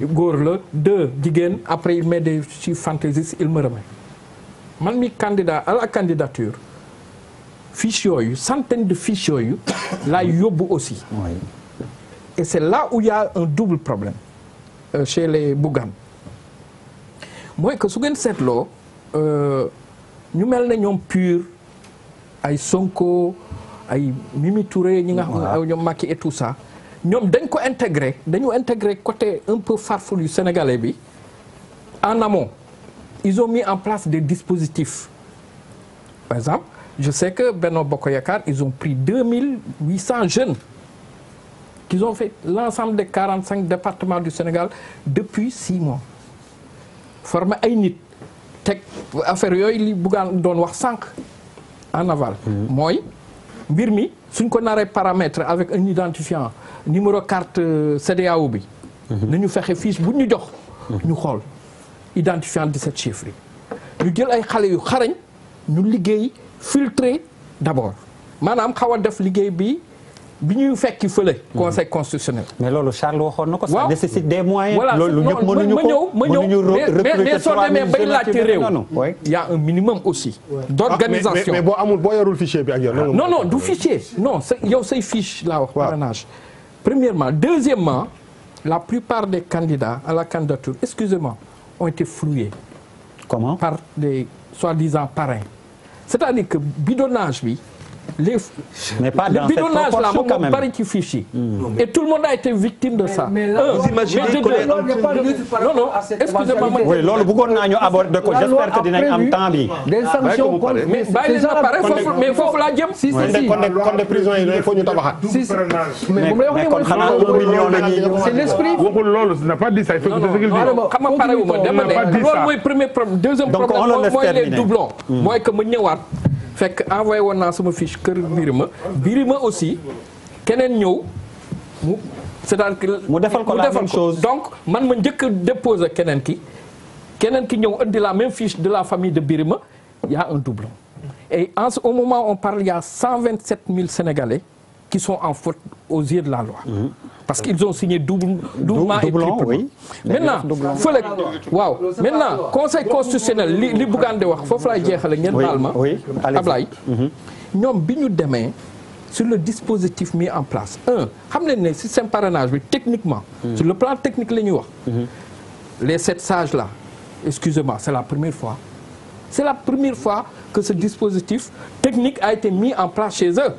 il la deux après il met des chiffres fantaisistes il me remet man mi candidat à la candidature fiches yooyu centaine de fiches yooyu laay aussi et c'est là où il y a un double problème euh, chez les Bougane moi que su ngeen euh ñu mel ne ñoom pur ay Sonko ay Mimi Touré ñi nga xam ne et tout ça nous avons ko intégré dañu côté un peu farfelu sénégalais bi en amont ils ont mis en place des dispositifs par exemple je sais que Benno Bokoyakar ils ont pris 2800 jeunes qu'ils ont fait l'ensemble des 45 départements du Sénégal depuis 6 mois former ay nit tek affaire yoy li en aval Moy, mm-hmm. Birmi, mi suñ ko paramètre avec un identifiant numéro carte euh, CEDEAO bi. Mhm. nañu fexe fiche bu ñu jox. Mhm. ñu xool identifiant 17 chiffres yi. ñu jël ay xale yu xarañ ñu liggéey filtrer d'abord maanaam xaw def liggéey bi. bi fekk fekki fële. Mhm. conseil constitutionnel. mais lolu Charles waxon nako ça nécessite des moyens. loolu ñëpp mënuñu ko mënuñu recruter mais mais soo demee bay laajte réew. y a un minimum aussi. Ah, d'organisation mais bo amul bo yorul fichier bi ak yow. non non du fichier non yow say fiche laa wax. parrainage Premièrement. Deuxièmement, la plupart des candidats à la candidature, excusez-moi, ont été floués. Comment Par des soi-disant parrains. C'est-à-dire que bidonnage, oui, les, mais pas dans le bidonnage là, quand même. qui fichit. Mmh. Et tout le monde a été victime de mais, ça. Mais, là, euh, vous imaginez mais de... Non, non, excusez-moi. Oui, lolo, beaucoup n'ont abordé de J'espère que dinañ am temps bi. Des ah, sanctions contre mais bail na paré faut mais la jëm. Si si si. Kon kon de il faut ñu tabaxat. Si si. C'est l'esprit. Waxul lolo, n'a pas dit ça, il faut que tu dises. Xam nga paré wu ma, dama né. Lool moy premier problème, deuxième problème moy les doublons. Moy mm. que mu ñëwaat fait envoyé woon fiche keur Birima Birima aussi kenen ñew c'est-à-dire que mu la même chose donc man ma dépose a qui ki kenen ki la même fiche de la famille de il y a un doublon et au moment où on parle il y a 127 000 Sénégalais qui sont en faute aux yeux de la loi. Mm-hmm parce qu'ils ont signé double, doublement et Oui. maintenant le. maintenant conseil constitutionnel li faut buggaan faut wax foofu laay jeexale nous avons Nous Ablaye mhm. sur le dispositif mis en place un vous ne un système parrainage mais techniquement mhm. sur le plan technique mhm. les sept sages là excusez-moi c'est la première fois c'est la première fois que ce dispositif technique a été mis en place chez eux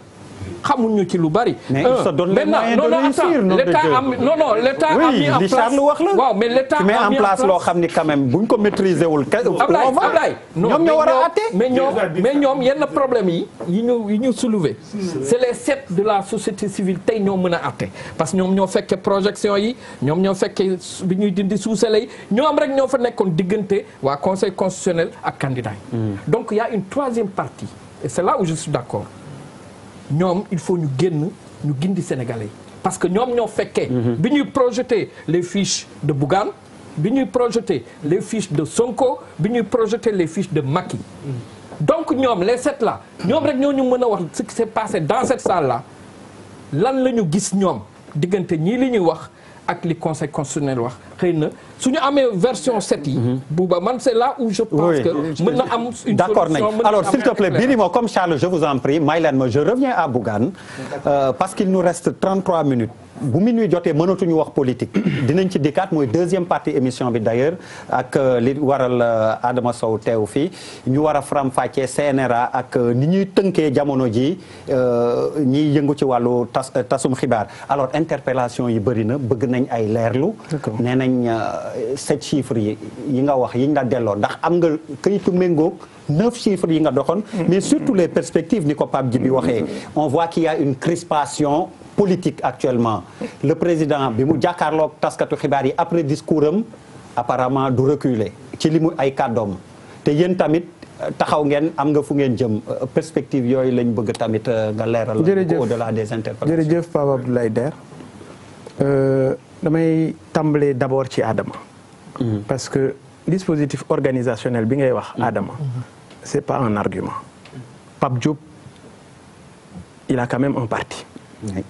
xamuñu ci lu bari. mais il se donne les non non l'État a mis en place oui li Charles wax la. waaw mais l'État a mis en place lo xamni quand même buñ ko maîtriser wul. Ablaye Ablaye ñoom ñoo war a mais ñom mais ñoom yenn problème yi yi ñu yi ñu soulever. c'est les sept de la société civile tay ñom mën até parce ñom ñoom ñoo fekkee projection yi ñom ñoo fekkee bi dindi sous-sol yi ñoom rek ñoo fa nekkoon diggante waa conseil constitutionnel ak candidat hmm. donc il y a une troisième partie et c'est là où je suis d'accord. Nous il faut ñu nous ñu gindi sénégalais parce que nous ñoo fait mhm. Nous avons projeté les fiches de Bougan, nous projeter les fiches de Sonko nous projeter les fiches de Maki. Mhm. donc nous, les sept là nous avons ñoo ñu ce qui s'est passé dans cette salle là lan avons ñu gis que nous ñii li ñuy wax avec les conséquences constitutionnel Si nous avons une version 7 mhm. Bouba c'est là où je pense que nous avons une d'accord alors s'il te plaît comme Charles je vous en prie Mylène, je reviens à Bougane euh, parce qu'il nous reste 33 minutes bu minuit jotee mënatuñu wax politique dinañ ci dikkaat mooy deuxième partie émission bi d'ailleurs ak euh, li waral euh, Adama Sow teew fii ñu war a faram-fàccee CNRA ak euh, ni ñuy tënkee jamono ji ñiy yëngu ci wàllu tasum xibaar alors interpellation yi bëri na bëgg nañ ay leerlu nee nañ sept chiffres yi yi nga wax yi nga delloo ndax am nga këyitu méngoog neuf chiffres yi nga doxoon mm. mais surtout les perspectives ni ko Pape Djibi waxee mm. on voit qu'il y a une crispation politique actuellement le président bi mu jàkkaarloog taskatu xibaar après discours apparemment du reculer ci li mu ay kàddoom te yéen tamit euh, taxaw ngeen am nga fu ngeen euh, perspective yooyu lañ bëgg tamit euh, nga leeral au-delà des interpellations jërëjëf Pape Abdoulaye Der Je vais d'abord ci Adama mmh. parce que le dispositif organisationnel bi ngay wax mmh. Adama mmh. c'est pas un argument Pape Diop il a quand même un parti oui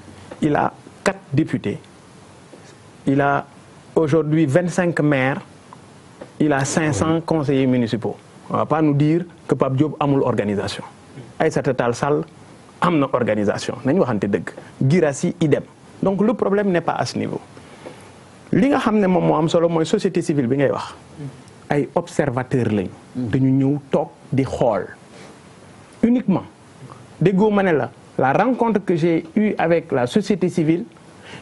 il a quatre députés, il a aujourd'hui 25 maires, il a 500 conseillers municipaux. On ne va pas nous dire que Pape Diop a une organisation. Aïssata Tal Sal a une organisation. Girassi, idem. Donc le problème n'est pas à ce niveau. Ce que je dire, c'est que la société civile. Bi ngay wax ay observateurs halls. dañu di uniquement des ma la rencontre que j'ai eue avec la société civile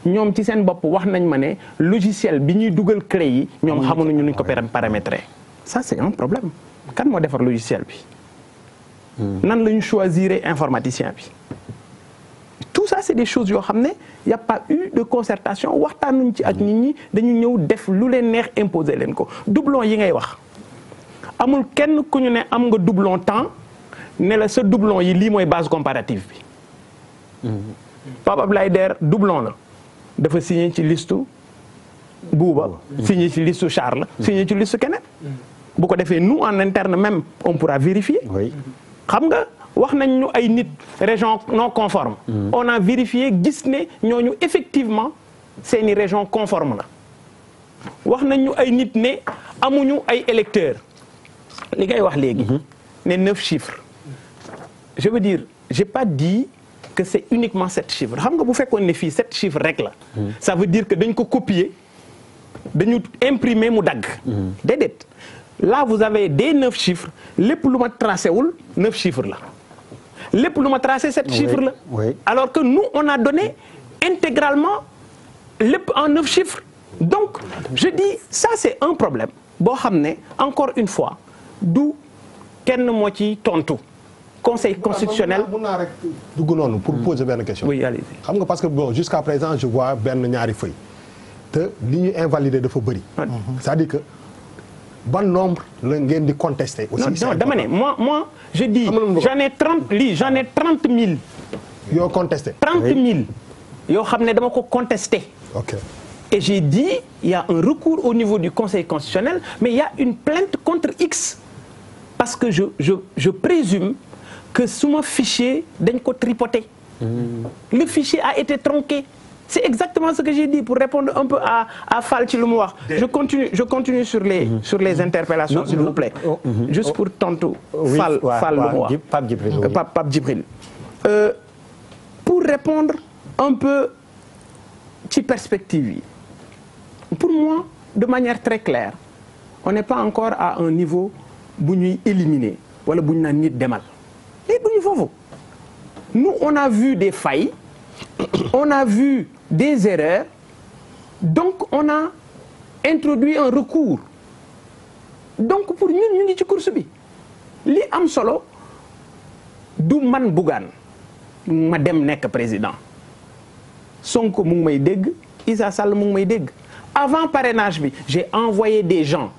ñom ci sen bop wax nañ mané logiciel bi ñuy dugal clé yi ñoom xamuñu ñu ko paramétrer ça c'est un problème kan mo defar logiciel bi hmm. nan la ñu choisir informaticien bi tout ça c'est des choses yo xamné Il y a pas eu de concertation waxtaanuñ ci ak nit ñi dañu ñëw def lu leen neex imposer leen ko doublon yi ngay wax amul kenn ku ñu ne am nga doublon temps ne la ce doublon yi li moy base comparative bi Pape Ablaye Der doublon il dafa signé ci liste Bouba signé ci liste Charles signer ci liste Kenneth. bu ko defee nous en interne même on pourra vérifier xam nga wax nañ ay nit région non conforme mm-hmm. on a vérifié gis nous effectivement effectivement une région conforme Nous wax une ay nit ne amuñu ay électeurs Les ngay wax léegi mm-hmm. neuf chiffres je veux dire je n'ai pas dit c'est uniquement cette chiffres Vous nga bu fekkoon ne sept chiffres ça veut dire que nous ko copier nous imprimer mu dag, là vous avez des neuf chiffres les lu tracés, tracé neuf chiffres là. les lu tracés sept chiffres là. alors que nous on a donné intégralement en neuf chiffres. donc je dis ça c'est un problème bon encore une fois quelle kenn moitié ci tout conseil constitutionnel pour hmm. poser une question oui allez-y parce que jusqu'à présent je vois Ben ñaari feuille te li invalidé mm-hmm. c'est-à-dire que bon nombre la ngeen contester aussi non dama moi moi je dis j'en ai 30 000. j'en ai trente mille yoo contesté trente mille contesté ok et j'ai dit il y a un recours au niveau du conseil constitutionnel mais il y a une plainte contre X parce que je je je présume que sous mon fichier d'un côté tripoté. Hmm. le fichier a été tronqué. C'est exactement ce que j'ai dit pour répondre un peu à, à le Je continue, sur, les, hmm. sur les interpellations, s'il vous plaît. Oh, oh, oh. Juste pour tantôt, Fal Fal, Djibril. Euh, pour répondre un peu petite perspective, pour moi, de manière très claire, on n'est pas encore à un niveau où nous éliminer, voilà, où nous démal. Nous, on a vu des failles, on a vu des erreurs, donc on a introduit un recours. Donc pour ñun nous ci course li am solo du man président Sonko mu may avant parrainage j'ai envoyé des gens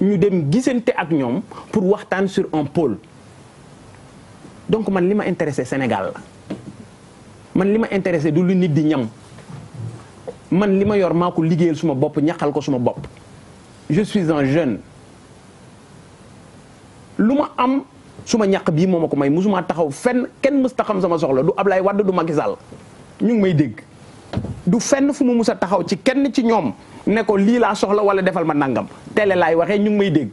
nous dem gisante ak pour voir sur un pôle donc man li ma intéressé Sénégal la man li ma intéressé du lu nit di ñam man li ma yor maa ko liggéeyal suma bopp ñaqal ko suma bopp je suis un jeune lu ma am suma ñaq bii moom ma ko may musuma taxaw fenn kenn mës taxam sama soxla du Ablaye Wade du Macky Sall ñu ngi may dégg du fenn fu ma mus a taxaw ci kenn ci ñoom ne ko lii laa soxla wala defal ma nangam télé laay waxee ñu ngi may dégg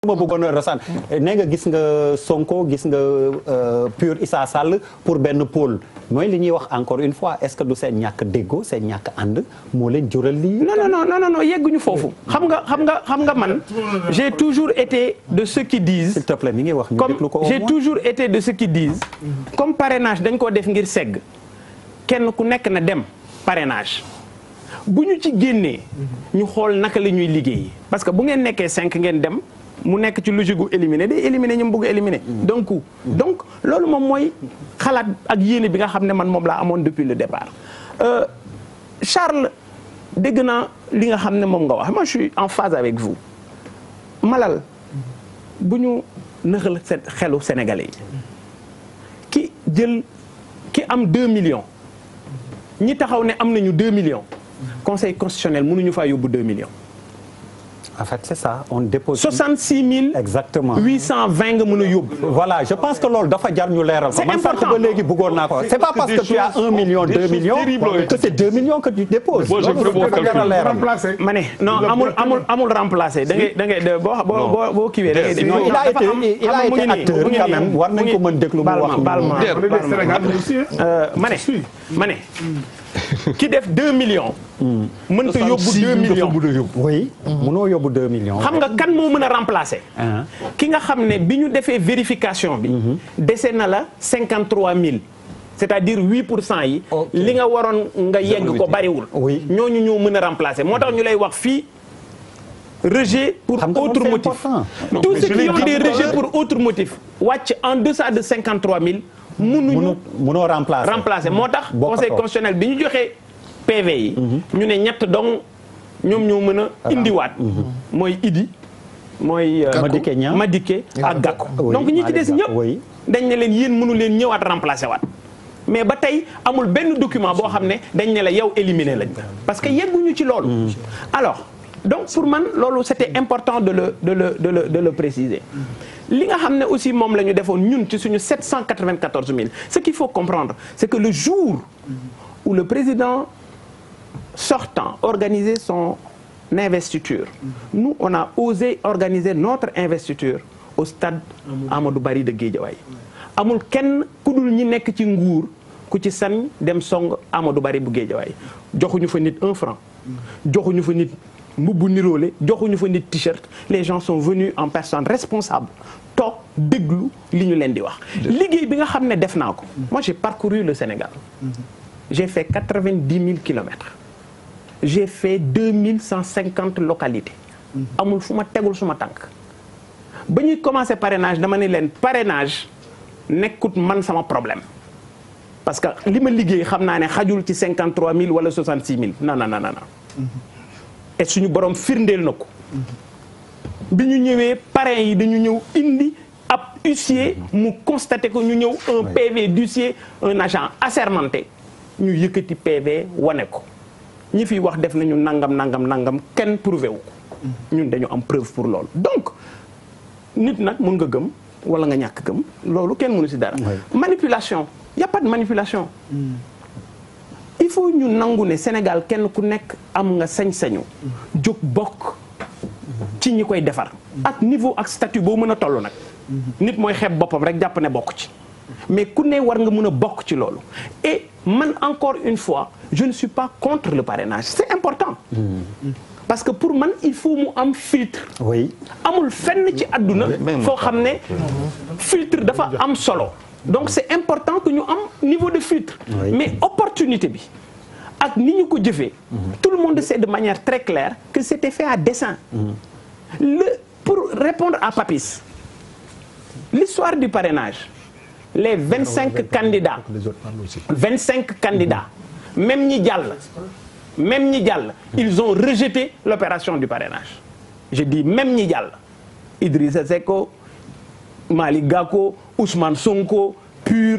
ma no, nga gis nga Sonko gis nga euh, pour pôle encore une fois est-ce que non non non non non euh, j'ai toujours été de ceux qui disent. te plaît j'ai toujours été de ceux qui disent. comme parrainage dañ ko def ngir kenn parrainage. ci ñu naka ñuy parce que mu nekk ci logique gu éliminer day éliminer ñu bëgg éliminer. Mm. donc donc lolu mom moy xalat ak yene bi nga xamné man mom la amone depuis le départ. Euh, Charles dégg na li nga xamné mom nga wax moi je suis en phase avec vous Malal buñu ñu nëxal xelu sénégalais yi ki jël ki am 2 millions ñi taxaw né am nañu 2 millions conseil constitutionnel mënu ñu fa yóbbu 2 millions. En fait, c'est ça. On dépose. 66 000. Exactement. 820 nga voilà je pense que l'ordre doit jar ñu l'air. c'est important ba c'est pas parce que tu as 1 million 2 millions. que c'est 2 millions que tu déposes. loolu je jar a leeral. ma ne non amul amul amul remplacer. da ngay da ngay bo, bo, boo kiiwee non il a été il a été acteur quand même war nañu ko mën déglu mu wax. a été balma hein? euh, ma ne ki def 2 millions. y yóbbu 2 millions oui mënoo yóbbu 2 millions. xam nga kan moo mën remplacer. Hein? ki nga xam ne bi ñu vérification bi. Mhm. dese na la 53000. c'est-à-dire 8 pour ce yi. li nga dit, nga yegg ko bariwul. oui ñooñu ñoo mën remplacer moo tax ñu lay wax rejet pour autre motif. tout ce qui ont des rejets pour autre motif. en deçà de 53000 mënuñu remplacer remplacer motax conseil constitutionnel bi ñu PV yi mhm. ñu ne ñett dong ñom ñu mëna indi wat mhm. Idi euh, ah donc ñi ci des ñëpp dañ né leen yeen mënu leen ñëwaat remplacer mais ba amul document bo xamné dañ né la yow éliminer parce que yegguñu ci lool mhm. alors donc pour moi, c'était hmm. important de le de le de le préciser hmm. li nga vous aussi moom la ñu Nous, ñun ci 794 000 ce qu'il faut comprendre c'est que le jour hmm. où le président sortant organisait son investiture nous on a osé organiser notre investiture au stade Amadou Barry de Guédiawaye amul kenn ku dul ñi nekk ci ku ci dem song Amadou Barry bu Guédiawaye joxuñu fa nit un franc joxuñu fa nit t Les gens sont venus en personne responsable. top, déglou, l'ignolendewa. qu'on ne défend Moi, j'ai parcouru le Sénégal. Mm-hmm. J'ai fait 90 000 kilomètres. J'ai fait 2150 localités. Mm-hmm. Amul fuma tegul suma tank. Bonjour, comment c'est parrainage? Demain, il est parrainage. N'écoute man ça mon problème. Parce que l'immobilier, je sais que c'est 53 000 ou 66 000. Non, non, non, non. Mm-hmm et suñu borom firndel nako biñu ñëwé ñu parrain yi dañu ñëw indi ab huissier mu constaté ko ñu ñëw un PV d'huissier un agent assermenté ñu yëkëti PV wané ko ñi fi wax def nañu nangam nangam nangam kenn prouvé wu ñun dañu am preuve pour loolu donc nit nak mën nga gëm wala nga ñak gëm lolu kenn mënu si dara manipulation il y a pas de manipulation mm faut ñu nangu né Sénégal kenn ku nekk am nga sañ-sañu juk bok ci ñi koy defar ak niveau ak statut bo mëna tollu nak nit moy xeeb boppam rek japp né bok ci mais ku né war nga mëna a ci loolu et man encore une fois je ne suis pas contre le parrainage c'est important parce que pour man il faut mu am filtre oui amul fenn ci aduna foo xamné filtre dafa am solo donc c'est important que ñu am niveau de filtre mais opportunité bi tout le monde sait de manière très claire que c'était fait à dessein pour répondre à Papis l'histoire du parrainage les 25 candidats 25 candidats même Nigal, même ils ont rejeté l'opération du parrainage je dis même Nigal, Idriss Idrissa Malik Gako, Ousmane Sonko pur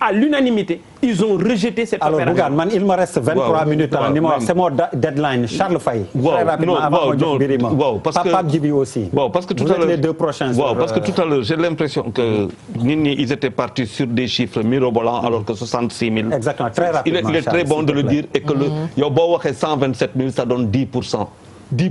à l'unanimité ils ont rejeté cette affaire. alors il me reste 23 minutes. c'est mon deadline Charles Faye. très rapidement avant non, wow, parce Papa que aussi. parce que tout Vous à l'heure les deux prochains. parce que tout à l'heure j'ai l'impression que ils étaient partis sur des chiffres mirobolants alors que 66 000. exactement très rapidement il est, très bon de le dire et que le mm-hmm. yow est 127 000 ça donne 10 10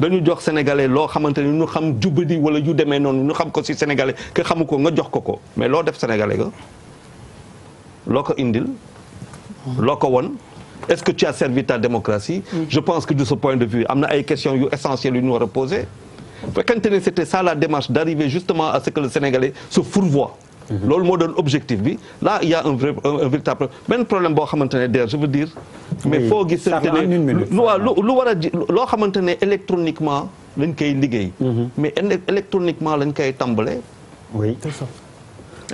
dañu jox sénégalais Nous xamanteni ñu xam djubbi wala yu démé non ñu xam ko ci sénégalais ke xamu ko nga jox ko ko mais lo def sénégalais ga loko indil loko won est-ce que tu as servi ta démocratie mm. je pense que de ce point de vue amna ay questions yu essentielles yu ñu wara poser c'était ça la démarche d'arriver justement à ce que le sénégalais se fourvoie Mhm. loolu le doon objectif bi là il y a un vrai un véritable problème bon, xamante ne der je veux dire. mais foo faut lu waa lu lu war a ji loo xamante ne électroniquement lañ koy liggéey. Mhm. mais électroniquement lañ koy tàmbale. oui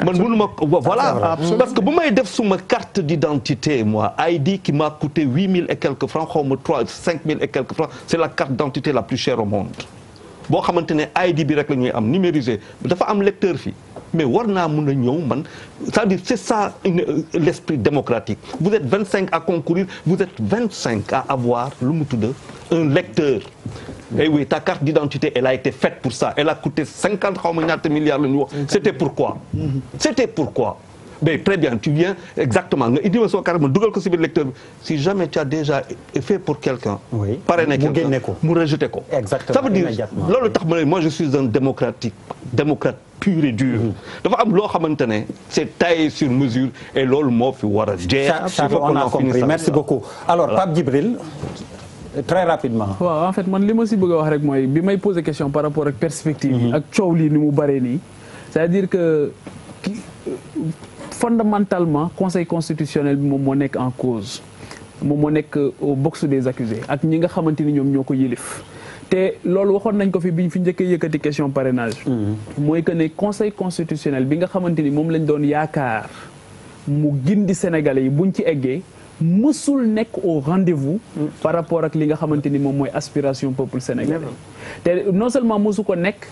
man mënu ma voilà parce que bu may def ma carte d'identité moi ID qui m'a coûté huit mille et quelques francs ou 3, trois et quelques francs c'est la carte d'identité la plus chère au monde boo xamante ne ID bi rek la ñuy am numérisé dafa lecteur Fi mais cest ça euh, l'esprit démocratique vous êtes 25 à concourir vous êtes 25 à avoir lu un lecteur et eh oui ta carte d'identité elle a été faite pour ça elle a coûté 50 milliards de c'était pourquoi c'était pourquoi ben, très bien, tu viens exactement. Il dit son carrément, double que c'est lecteur. Si jamais tu as déjà fait pour quelqu'un, oui. parrainer quelqu'un, nous rejeter quoi. Exactement. Ça veut dire, là, le moi je suis un démocratique, démocrate pur et dur. Mm-hmm. dafa am loo c'est ne taillé sur mesure et loolu moo fi j'ai a jeex. on a compris merci beaucoup. alors Pape Gibril. très rapidement. waaw en fait man li ma si bëgg a wax rek mooy bi may poser question par rapport ak perspective yi. Mm-hmm. ak coow lii ni mu bëree nii. cest à dire que fondamentalement conseil constitutionnel bi moom moo nekk en cause moom moo nekk au euh, box des accusés ak ñi nga xamante ni ñoom ñoo ko yilif te loolu waxoon nañ ko fi ñu fi njëkk a yëkkati question parrainage mm-hmm. mooy que ne conseil constitutionnel bi nga xamante ni moom lañ doon yaakaar mu gindi Sénégalais yi buñ ci eggee Moussoul nek au rendez-vous par rapport à ce que peuple sénégalais non seulement Moussoul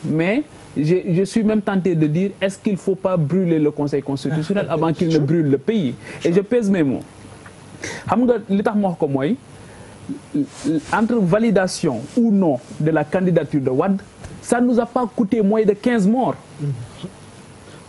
mais je suis même tenté de dire est-ce qu'il ne faut pas brûler le conseil constitutionnel avant qu'il ne brûle le pays et je pèse mes mots L'état mort entre validation ou non de la candidature de Wad, ça ne nous a pas coûté moins de 15 morts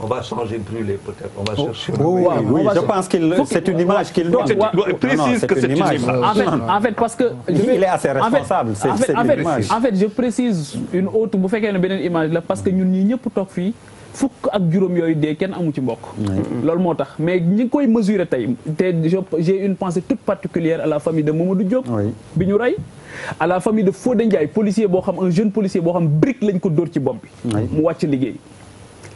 on va changer plus les peut-être. On va oh, chercher. Oh, oui, oui, je pense qu'il c'est une image qu'il doit. Il précise que c'est une image. En fait, parce que il est assez responsable. c'est une image. en fait, je précise une autre Vous faites une image là parce que ñun ñii ñëpp toog fii. fukk ak juróom yooyu dee kenn amu ci mbokk loolu moo mais ñi ngi koy mesurer tey j'ai une pensée toute particulière à la famille de Mamadou Diop bi à la famille de Fodé policier boo xam un jeune policier boo xam brique lañ ko dóor ci bopp bi mu wàcc liggéey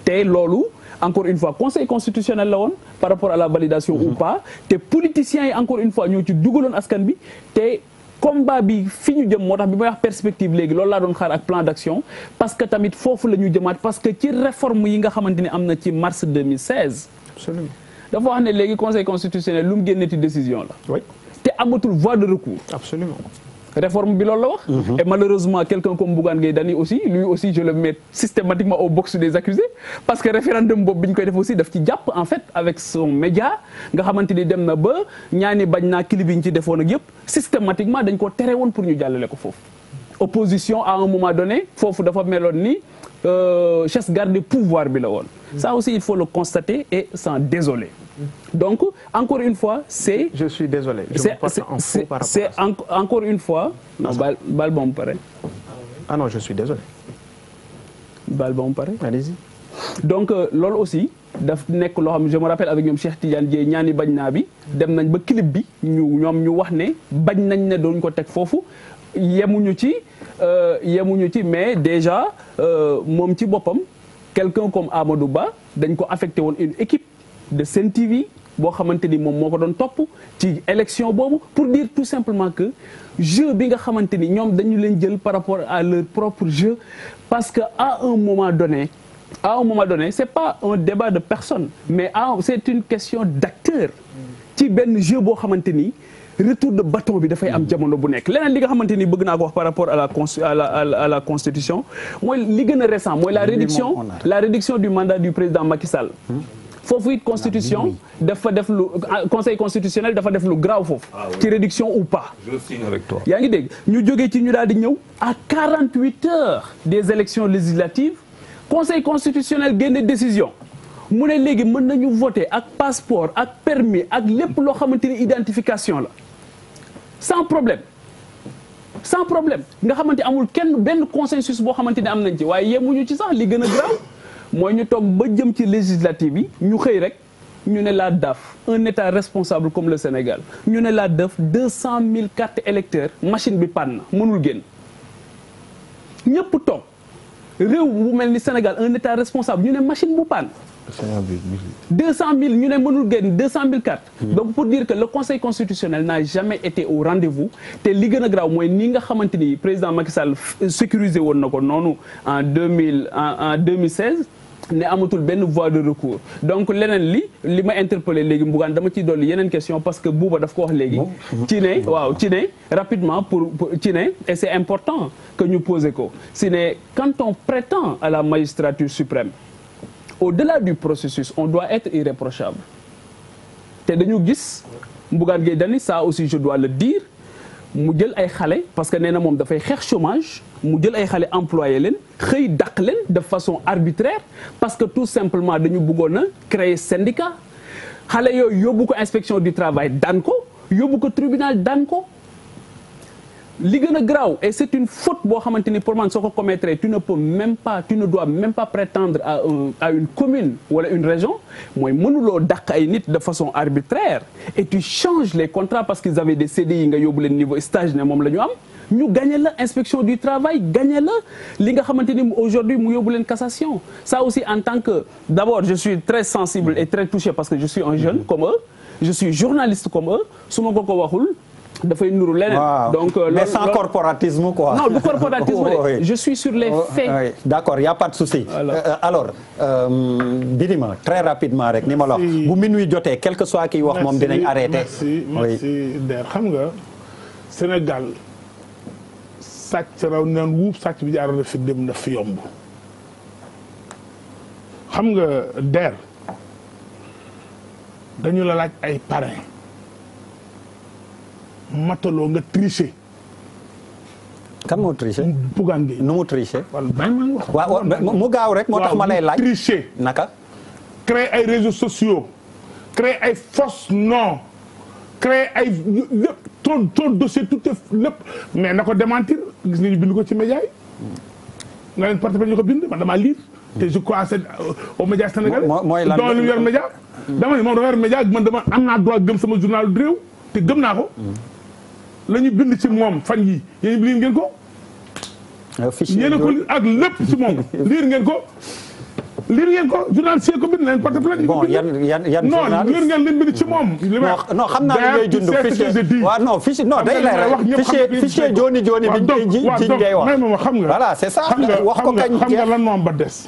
T'es lolu encore une fois conseil constitutionnel la par rapport à la validation ou mhm. pas té politiciens encore une fois ñu ci dugaloon askan bi té combat bi fiñu jëm motax bi may wax perspective légui lolu la doon plan d'action parce que tamit fofu la ñu jëmaat parce que ci réforme yi nga xamante amna mars 2016 absolument dafa wax conseil constitutionnel lu mu génne ci décision la té amatul voie de recours absolument réforme bi lolou la wax. Mhm. et malheureusement quelqu'un comme Bougane Gueye Dany aussi lui aussi je le mets systématiquement au box des accusés parce que référendum bob biñ koy def aussi daf ci japp en fait avec son média nga xamanteni ni dem na ba ñaani bañ naa clip biñ ci defone ak yépp systématiquement dañ ko tere pour ñu jallalé ko foofu. opposition à un moment donné fofu dafa meloon ni euh, chasse gardée pouvoir bi la ça aussi il faut le constater et s'en désoler. Donc, encore une fois, c'est... Je suis désolé, je encore une fois... Non, pareil. Ah non, je suis désolé. Balbon pareil. Allez-y. Donc, euh, aussi, je me rappelle avec M. Cheikh Tidiane Dieye ñaani bi dem nañ ba clip bi ñu ñu wax né bañ nañ euh, mais déjà euh, mon ci bopam quelqu'un comme Amadou Ba dañ affecté une équipe de Sen TV bo xamanteni mom moko don top ci élection bobu pour dire tout simplement que jeu bi nga xamanteni ñom dañu leen jël par rapport à leur propre jeu parce que à un moment donné à un moment donné c'est pas un débat de personne mais c'est une question d'acteur ci ben jeu bo xamanteni retour de bâton bi fay am jamono bu nek leneen li nga xamanteni ni bëgg ko wax par rapport à la à la à la constitution Moi, li gëna récent Moi, la réduction la réduction du mandat du président Macky Sall hmm. Faut it constitution ah, dafa def le conseil constitutionnel dafa def lu grave fof ah, ci réduction ou pas je ngi dégg ñu jógee ci ñu daal di à 48 heures des élections législatives conseil constitutionnel gagne décision mu légui léegi mën nañu voter ak passeport ak permis ak lépp pour xamante identification la sans problème sans problème nga xamante amul kenn ben consensus bo xamante ne am nañ ci waye yemuñu ci sax li gëna grave mooy ñu toog ba jëm ci législative yi ñu xëy rek ñu ne la DAF un état responsable comme le Sénégal ñu ne la DAF deux cent mille cartes électeurs machine bi panne na mënul génn ñëpp toog réew bu mel ni Sénégal un état responsable ñu ne machine bu panne 200 000, nous n'avons pas 200 000 cartes. Hmm. Donc pour dire que le Conseil constitutionnel n'a jamais été au rendez-vous, et ce qui est grave, c'est que le président Macky Sall euh, sécurisé en 2000, en 2016, ne amatul benn voie de recours donc leneen li li ma interpellé léegi Bougane dama ci une yenen question parce que Bouba daf ko wax léegi ci waaw ci rapidement pour ci et c'est important que nous poser ko c'est quand on prétend à la magistrature suprême au-delà du processus on doit être irréprochable Et nous avons Bougane ça aussi je dois le dire nous avons ay enfants, parce que nous avons fait un chômage nous avons ay xale employé nous xëy dàq de façon arbitraire parce que tout simplement nous bëggoon créer créer syndicat Nous yooyu yóbbu ko inspection du travail nous ko yóbbu ko tribunal daan li et c'est une faute boo pour moi commettre tu ne peux même pas tu ne dois même pas prétendre à à une commune ou à une région Moi, mënuloo dàq ay de façon arbitraire et tu changes les contrats parce qu'ils avaient des CDI yi nga yóbbu niveau stage ne moom la gagnons am du travail gagné la li nga aujourd'hui mu yóbbu cassation ça aussi en tant que d'abord je suis très sensible et très touché parce que je suis un jeune comme eux je suis journaliste comme eux su ma ko ko waxul dafay nuru donc euh, mais sans corporatisme quoi. non le corporatisme je suis sur les oh, faits. D'accord, il y' a pas de souci. alors euh, euh, Birima très rapidement rek Nimolo Vous bu minuit jotee quel que soit qui wax moom dinañ arrêté. merci merci Der xam nga Sénégal sàcc raw naan wuub sàcc bi jaarale fi dem na fi yomb xam nga Der dañu la laaj ay parrain. mataloo nga tricher. kan moo tricher. bugaan gi nu mu gaaw rek moo tax ma lay laaj. tricher naka. créer ay réseaux sociaux. créer ay fausse nom. créer ay lépp trop trop dossier tout lépp mais na ko démentir gis nañu bind ko ci média yi. nga leen porte ñu ko bind man damaa lire. te je crois euh, au média sénégalais. mooy lan li mu yor dama ne moom dafa yor média man dama am naa droit gëm sama journal réew te gëm naa ko. la ñu bind ci moom fan yi yéen liir ngeen ko. Euh, yéen ko ak lépp ci moom liir ngeen ko. liir ngeen ko journal see ko bind leen porte plainte bon yan yan yan journal non liir ngeen leen bind ci mm. moom. li ma non xam naa ne ngay dund fichier waaw non fichier non day leer fichier fichier jooni jooni biñ koy ji jiñ ngay wax. voilà c'est ça wax ko kañ. xam nga lan moom ba des.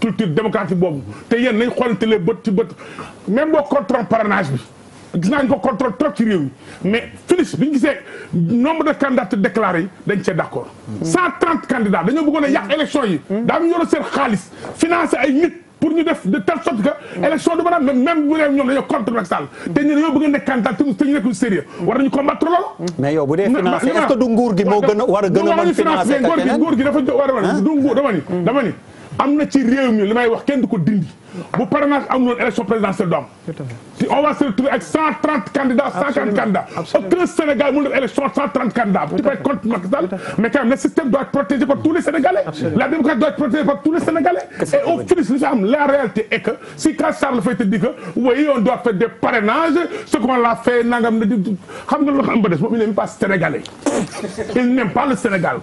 culture démocratique boobu te yéen nañ xoolantelee bët ci bët même boo contrôle parrainage o gis naa ñu ko contrôle trop ci mais finis bi ñu nombre de candidats déclarés yi dañ d'accord. 130 candidats dañoo bëggoon a yàq élection yi. daa ñu yoroon seen xaalis financé pour de telle sorte que. élection du mën a même bu dee ñoom dañoo contre Macky Sall. te ñu dañoo bëgg a combattre mais que du nguur gi moo gën a war a não a mën financé. nguur gi dafa am na ci réew mi li may wax kenn du ko dindi Vous parlez à woon élection présidentielle d'homme. si on va se retrouver avec 130 candidats. 150 candidats. aucun Sénégal mënul def élection 130 candidats. tu peux être contre Macky Sall mais quand même le système doit être protégé par tous les Sénégalais. la démocratie doit être protégée par tous les Sénégalais. et au finish la réalité est que si quand Charles fait te dit que oui on doit faire des parrainages ce qu'on l'a fait nangam na dit xam nga loolu xam des il n'aime pas Sénégalais il n'aime pas le Sénégal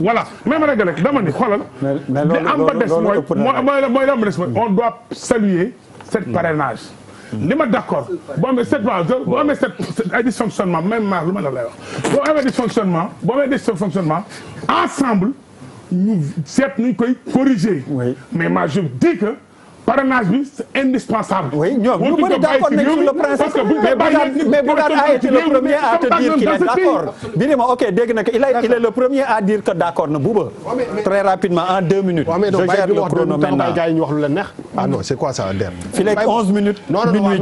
voilà même rek dama ni mais loolu loolu loolu ëpp la on doit saluer cette parrainage. les mm. pas d'accord bon mais cette fonctionnement bon mais cette dysfonctionnement même ma bon ensemble nous nous corriger mais moi je dis que parrainage indispensable. oui nous le principe mais a été le premier à te dire qu'il est d'accord. ok il est le premier à dire que d'accord très rapidement en deux minutes. je ah non c'est quoi ça onze minutes. non, mais non, non. ma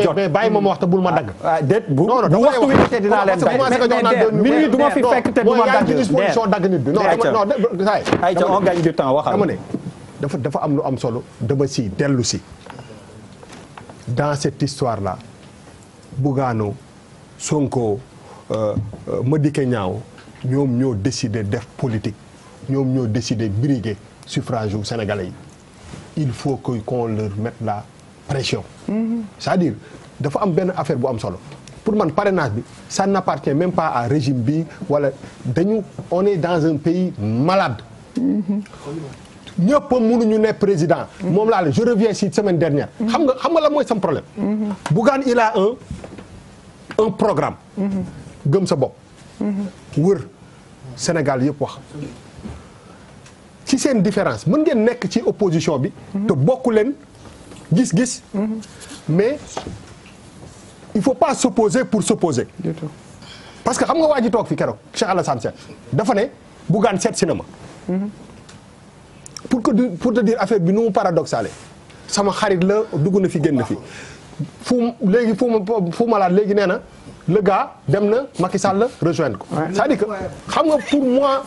on du temps solo dans cette histoire là Bougano Sonko Modi Kenyao, nous ñoo décidé def politique nous ñoo décidé briguer suffrage au sénégalais il faut qu'on leur mette la pression mhm. c'est-à-dire dafa am ben affaire bu am solo pour man parrainage ça n'appartient même pas à régime bi nous, on est dans un pays malade mhm ñëpp mënuñu ne président. moom laa je reviens la semaine dernière. xam nga xam nga la mooy sam problème. Bougane il a un un programme. gëm sa bopp. wër Sénégal yëpp wax. ci une différence Si ngeen nekk ci opposition bi. te bokku leen gis-gis. mais il faut pas s'opposer pour s'opposer parce que xam nga waa ji toog fi keroog Cheikh Alassane Il dafa ne Bougane seet cinéma. Hum hum pour que pour te dire affaire bi nous paradoxale sama xarit la dugg na fi genn fi fou légui fou ma fu ma laat le gars demna na Macky Sall rejoindre ko. c'est-à-dire que xam nga pour moi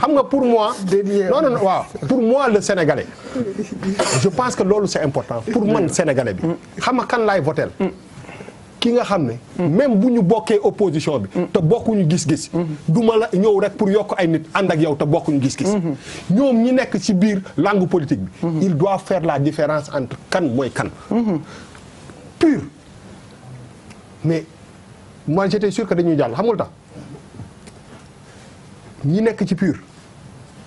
xam nga pour moi. non non non pour moi le sénégalais je pense que lolu c'est important pour man sénégalais bi. Mm. xam nga kan lay voter mm ki nga xamné même buñu nous opposition bi. té bokkuñu gis-gis. duma la rek pour yok ay nit yow langue politique bi. il doit faire la différence entre kan et kan. pur mais moi j'étais sûr que dañuy jall xam nga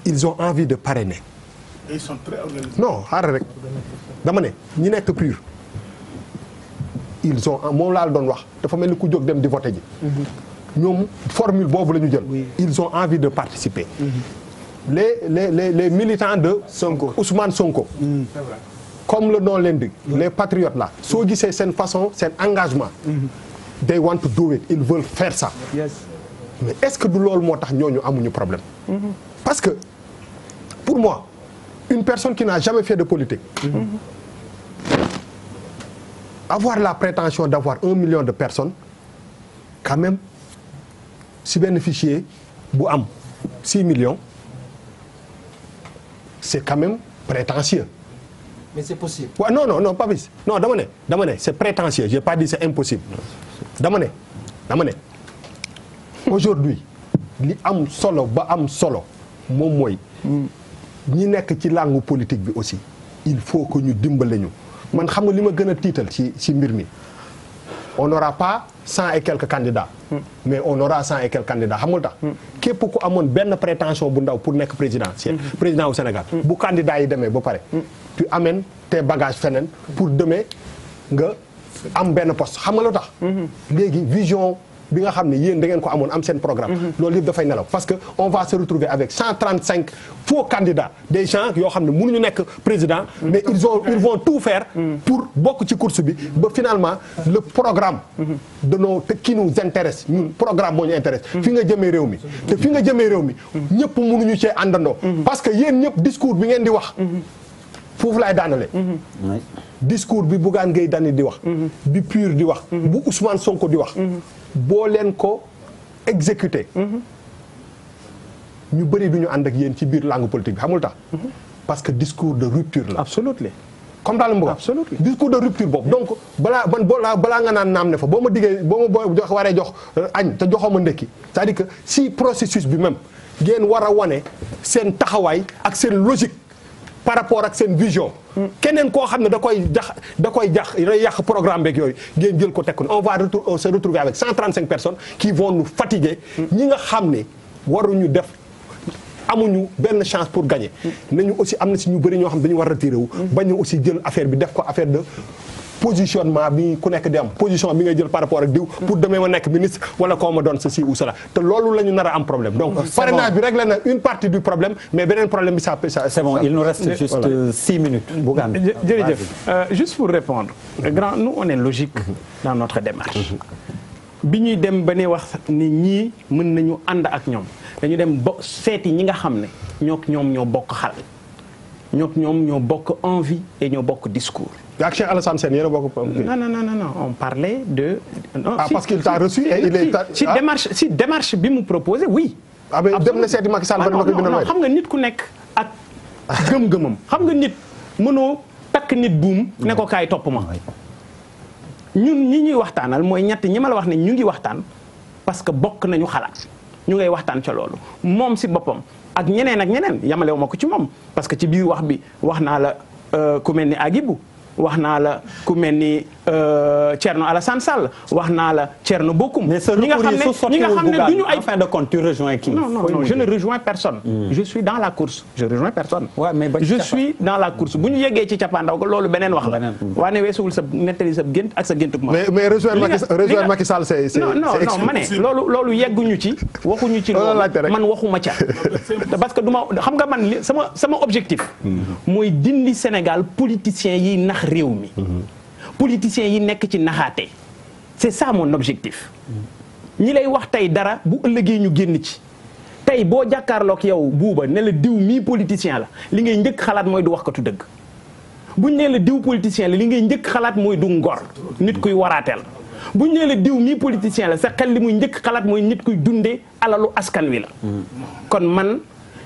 ils ont envie de parrainer. ils sont très organisés. non arrête rek dama ne ñi ils ont mon la don wax dafa mel ni ku jóg dem di voter ji. ñom formule bobu lañu jël. ils ont envie de participer. Mm-hmm. les les les militants de. Sonko Ousmane Sonko. Mm. comme le nom l'indique. les patriotes là. so gissé sen façon cet engagement. Mm-hmm. they want to do it ils veulent faire ça. mais est-ce que du loolu motax tax amuñu problème. Mm-hmm. parce que pour moi une personne qui n'a jamais fait de politique avoir la prétention d'avoir un million de personnes quand même si bénéficier fichier 6 millions c'est quand même prétentieux. mais c'est possible. Non, non non non vice. non dama c'est prétentieux je n'ai pas dit c'est impossible dama aujourd'hui li am solo ba am solo mon moi. ñi ci langue politique aussi il faut que nous nous ñu man xam nga li ma gën ci ci mbir mi on n'aura pas 100 et quelques candidats. Hmm. mais on aura 100 et quelques candidats xamul tax. Hmm. képp ku amoon benn prétention bu ndaw pour nekk présidentiel. Hmm. président au Sénégal. bu candidat yi demee ba tu amènes tes bagages feneen pour demain. nga am benn poste xam nga tax. vision bi nga xam ne programme mhm. parce qu'on va se retrouver avec 135 faux candidats des gens qui ont ne mënuñu nekk président mhm. mais ils ont ils vont tout faire mhm. pour beaucoup ci course bi ba finalement le programme de nos qui nous intéresse le programme qui nous intéresse fi nga jëmee réew mi te fi nga jëmee réew mi ñëpp parce que yéen discours bi ngeen di wax foofu laay daanale discours bi Bougane Gueye Dani di wax bi PUR di wax bu Ousmane Sonko di wax si ko exécuter ñu bari duñu and ak langue politique parce que discours de rupture là. absolument comme discours de rupture donc si man euh, dire que si processus bi même ngeen wara logique par rapport à une vision keneen koo xam ne da koy jax da koy jax day yàq programme beeg yooyu ngeen jël ko teg ko on va retour on se retrouver avec 135 personnes qui vont nous fatiguer. ñi nga xam ne waruñu def. amuñu benn chance pour gagner nañu aussi am na si ñu bëri ñoo xam dañu war a retiré wu. Mm. bañu aussi jël affaire bi def ko affaire de. positionnement bi ku nek dem position bi nga jël par rapport ak diw pour demain ma nek ministre wala ko ma donne ceci ou cela te loolu lañu nara am problème donc parrainage bi régler na une partie du problème mais benen problème bi ça c'est bon il nous reste juste 6 euh, minutes Bougane euh, juste pour répondre mm-hmm. grand nous on est logique mm-hmm. dans notre démarche mm-hmm. bi dem ba ne wax ni ñi mën nañu ànd ak ñom dañu dem séti ñi nga xamné ñok ñom ño bok xal ñok ñom ño bok envie et ño bok discours avec Cheikh Alassane Sen, Non, non, non, non, on parlait de... Non, ah, si, parce qu'il t'a reçu si, et il est... Si, ah. démarche, si démarche bi me proposé, oui. Ah, mais dem na seeti Macky Sall ah, ba noppi bi na may. xam nga nit ku nek ak gëm-gëmam. xam nga nit mënoo tak nit boom ne ko kay top ma. ñun ñi ñi waxtanal moy ñett ñi ma wax ne ñu ngi waxtaan parce que bok nañu xalaat ñu ngay waxtaan ci lolu. Mom si bopam ak ñeneen ak ñeneen yamalewu mako ci mom parce que ci biir wax bi wax naa la euh, ku melni ni Agibou wax naa la ku mel ni Euh, Thierno Alassane Sall wax naa la Thierno Bocoum. mais ñi nga xam ne ñi nga xam ne ay. en fin de compte tu rejoins qui. non non je ne rejoins personne. Hmm. je suis dans la course je rejoins personne. waaw mais je suis dans la course bu ñu yeggee ci cappaandaw ko loolu wax la. Hmm. waa ne weesuwul sa nettali sa gént ak sa géntu ma. mais mais rejoindre Macky Sall c'est c'est non non ma ne loolu loolu yegguñu ci waxuñu ci loolu man waxuma ca parce que du ma xam nga man sama sama objectif. Hmm. mooy dindi Sénégal politiciens yi nax réew mi. politiciens yi nekk ci naxaate c'est ça mon objectif ñi lay wax tey dara bu ëllëgee ñu génn ci tey boo jàkkaarlook yow buuba ne la diw mii politicien la li ngay njëkk xalaat mooy du waxkatu dëgg buñ nee diw politicien la li ngay njëkk xalaat mooy du ngor nit kuy waraateel buñ nee la diw mii politicien la sa xel li muy njëkk xalaat mooy nit kuy dunde alalu askan wi la mm. kon man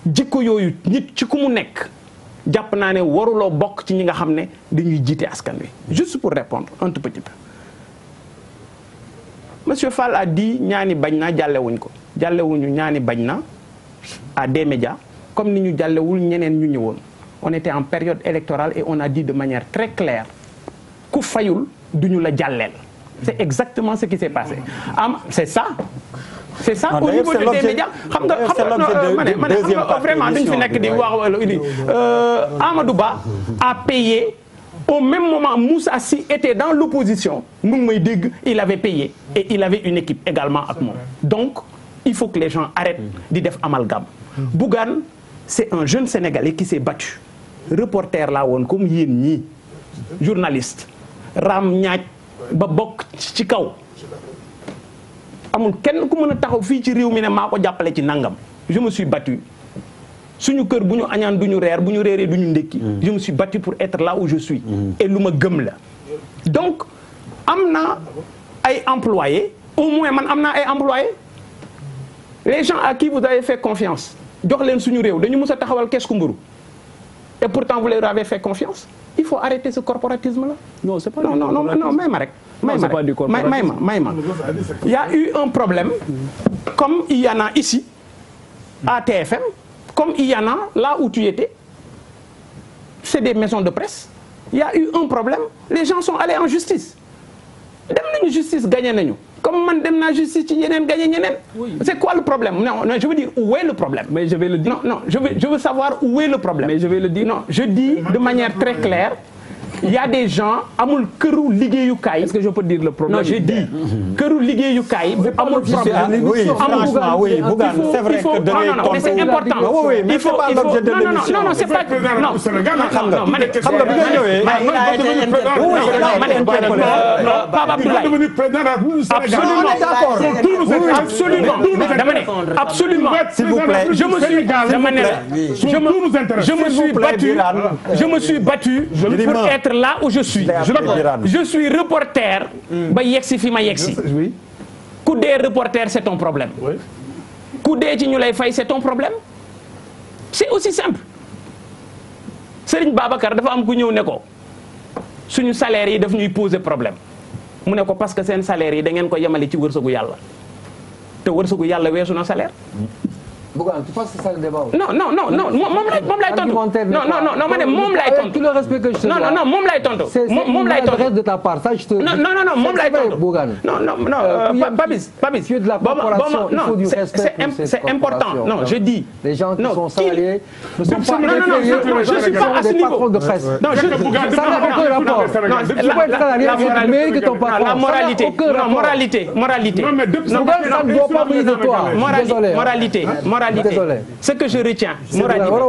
jikko yooyu nit ci ku mu nekk jàpp naa ne waruloo bokk ci ñi nga xam ne dañuy jiite askan wi juste pour répondre un tout petit peu monsieur Fall a dit ñaani bañ na jàllewuñ ko jàllewuñu ñaani bañ na à des médias comme ni ñu jàllewul ñeneen ñu ñëwoon on était en période électorale et on a dit de manière très claire ku fayul duñu la jàlleel c'est exactement ce qui s'est passé am c'est ça c'est ça au niveau des médias xam nga euh, vraiment euh, euh, a payé au même moment Moussa si était dans l'opposition il avait payé et il avait une équipe également avec moi. donc il faut que les gens arrêtent d'y faire amalgame Bougane c'est un jeune Sénégalais qui s'est battu reporter là où comme journaliste ram ñaaj ba amul kenn ku mën taxaw fi ci réew mi ne mako jappalé ci nangam je me suis battu suñu kër buñu añan duñu reer bu ñu mm. je me suis battu pour être là où je suis mm. et luma gëm la donc amna ay employé au moins man amna ay employé les gens à qui vous avez fait confiance jox leen suñu réew dañu mës taxawal kees ku mburu et pourtant vous leur avez fait confiance il faut arrêter ce corporatisme là non c'est pas non non non non mais ma rek Maïma. il y a eu un problème comme il y en a ici à TFM comme il y en a là où tu étais c'est des maisons de presse il y a eu un problème les gens sont allés en justice dem une justice gagné comme man dem justice c'est quoi le problème je veux dire où est le problème. mais je vais le dire non non je veux je veux savoir où est le problème. mais je vais le dire non je dis de manière très claire il y a des gens est-ce que je peux dire le problème. non j'ai dit oui franchement c'est vrai que de non oui oui pas l'objet de non non c'est pas non non absolument je me suis je me suis battu je me suis battu pour être là où je suis. je, suis reporter. Hmm. ba yexi fi reporter c'est ton problème. ku dee ci c'est ton problème. c'est aussi simple. Serigne Babacar dafa am ku nous ne suñu salaire yi daf poser problème parce que un salaire yi da ngeen ko yemale ci te salaire. Non, tu penses que c'est ça le débat Non, non, non, non, non, non, non non non non non, non, non, le respect que je te non, non non non. non, non, non, non, non, non, de ta part ça je te. non non non non, non non non non non non, non, non, non, de la corporation il faut du respect non, non, c'est important non je dis. les gens qui sont salariés. ne sont pas non non non je suis pas à ce niveau. non je non, non, non, non, non la moralité non moralité moralité. non mais non, doit pas non, toi. moralité non, ce que je retiens, moralité.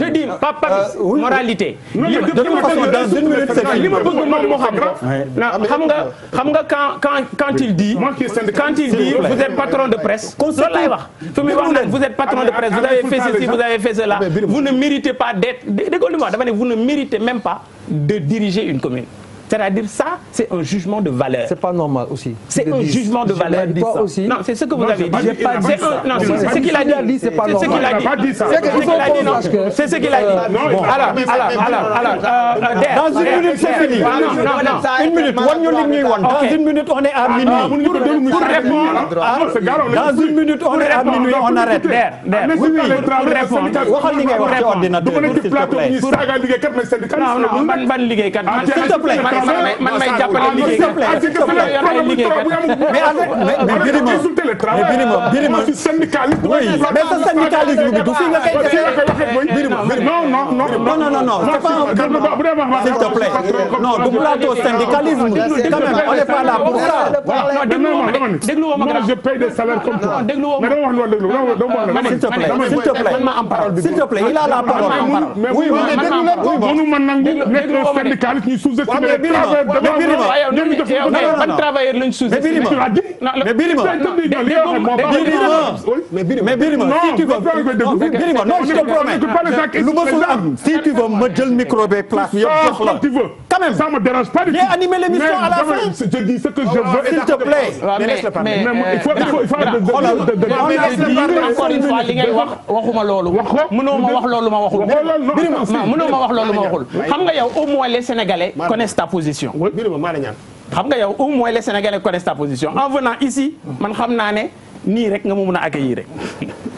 je dis, euh, moralité. De façon, Quand, il dit, quand il dit, vous êtes patron de presse, vous êtes patron de presse, vous avez fait ceci, vous avez fait cela, vous ne méritez pas d'être, vous ne méritez même pas de diriger une commune. C'est-à-dire ça, c'est un jugement de valeur. C'est pas normal aussi. C'est un jugement de valeur. c'est ce que vous avez dit. ce qu'il a dit. C'est ce qu'il a dit. C'est ce qu'il a dit. Dans une minute, c'est fini. Dans une minute, on est à minuit. Dans une minute, on est à minuit. On arrête. Ah, man may jàppale liggéeykat s'il te plaît Birima Birima syndicalisme mais sa syndicalisme bi du fii nga koy Birima non non non non non c'est pas s'il te plaît non du plateau syndicalisme quand même on n'est pas là pour ça déglu woo ma grand je paye des salaires comme toi déglu woo ma s'il te plaît s'il te plaît s'il te plaît il a la parole oui mais déglu leen ko mënu ma nangu nekk syndicaliste ñu sous-estimer mais Birima Birima mais Birima si tu veux je te promets si tu veux micro place quand même me dérange pas du tout l'émission à la fin je dis ce que je veux s'il te plaît il faut il faut encore une fois li ngay au moins les Sénégalais connaissent ta position. xam nga yow au moins les Sénégalais connaissent ta position en venant ici je xam naa ne nii rek nga ma mun a accueillir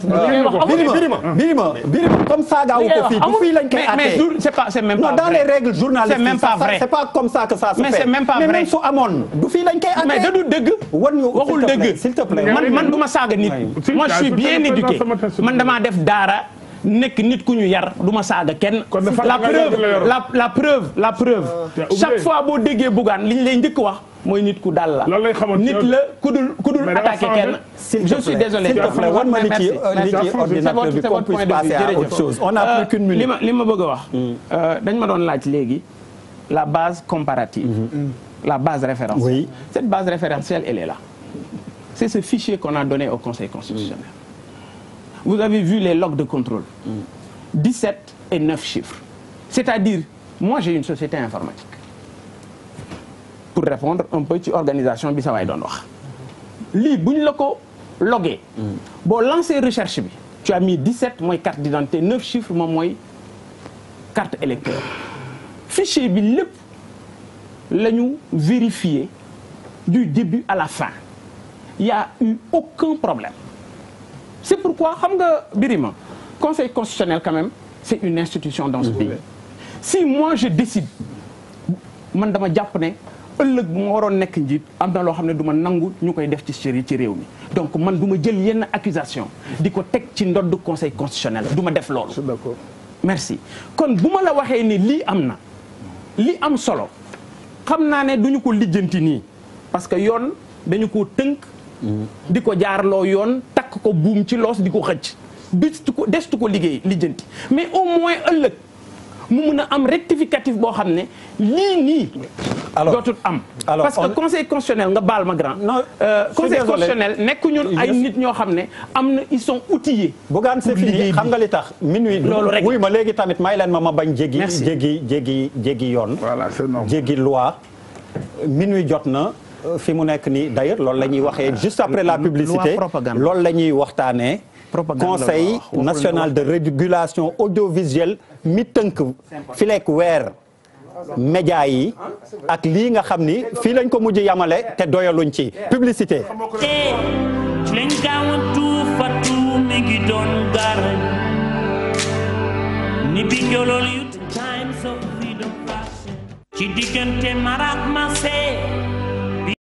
sant Birima Birima comme ça gaawu ko fi du lañ koy attee mais c'est pas c'est même pas non dans les règles journalistiques c'est même pas vrai c'est pas comme ça que ça se fait mais c'est même pas vrai mais même su amoon du fi lañ koy attee mais da du dëgg wan ñu waxul deug s'il te plaît man man duma saga nit moi je suis bien éduqué man dama def dara nek nit kuñu ñu yar du ma saaga kenn. la preuve la la preuve la preuve. Ah. chaque fois bo déggee Bougane liñ lay ndik wax. moy nit ku dal la nit la kudul kudul attaquer dul kenn. je suis désolé s'il te plaît wan ma li ci li ci ordinateur bi qu'on puisse passer à autre chose. on a euh, plus qu'une minute li ma bëgg wax mm. euh dañ ma doon laaj légui la base comparative. Mm-hmm. Mm. la base référentielle. cette base référentielle elle est là. c'est ce fichier qu'on a donné au conseil constitutionnel. Vous avez vu les logs de contrôle. 17 et 9 chiffres. C'est-à-dire, moi j'ai une société informatique. Pour répondre un peu organisation, organisation bi sa waay wax. lii Pour lancer la recherche tu as mis 17 moi carte d'identité 9 chiffres moi moi carte électorale. fichier bi nous du début à la fin il y a eu aucun problème. C'est pourquoi, Birima, Conseil constitutionnel quand même, c'est une institution dans ce pays. Si moi je décide, man dama jàpp ne ëllëg bu ma waroon nekk njiit am na loo xam ne du ma nangu ñu koy def ci ci réew mi donc man du ma jël yenn accusation di ko teg ci ndodd conseil constitutionnel du ma def loolu. d'accord merci kon bu ma la waxee ni lii am na li am solo xam naa ne du ko lijjanti nii parce que yoon dañu ko tënk. Mm. di ko jaarloo yoon ko ci mais au moins le, mu meuna rectificatif parce que conseil constitutionnel nga euh, conseil constitutionnel ñun ay nit ils sont outillés. Vous c'est fini xam nga li tax. minuit Oui, ma tamit may voilà c'est normal loi. minuit fi mu nek ni d'ailleurs loolu lañuy waxé ah, juste après la publicité loolu lañuy waxtané conseil national de régulation audiovisuelle mi tënk fileek wèr média yi ak li nga xamni fi lañ ko mujj yamale te doyaluñ ci publicité ci diggante marak ma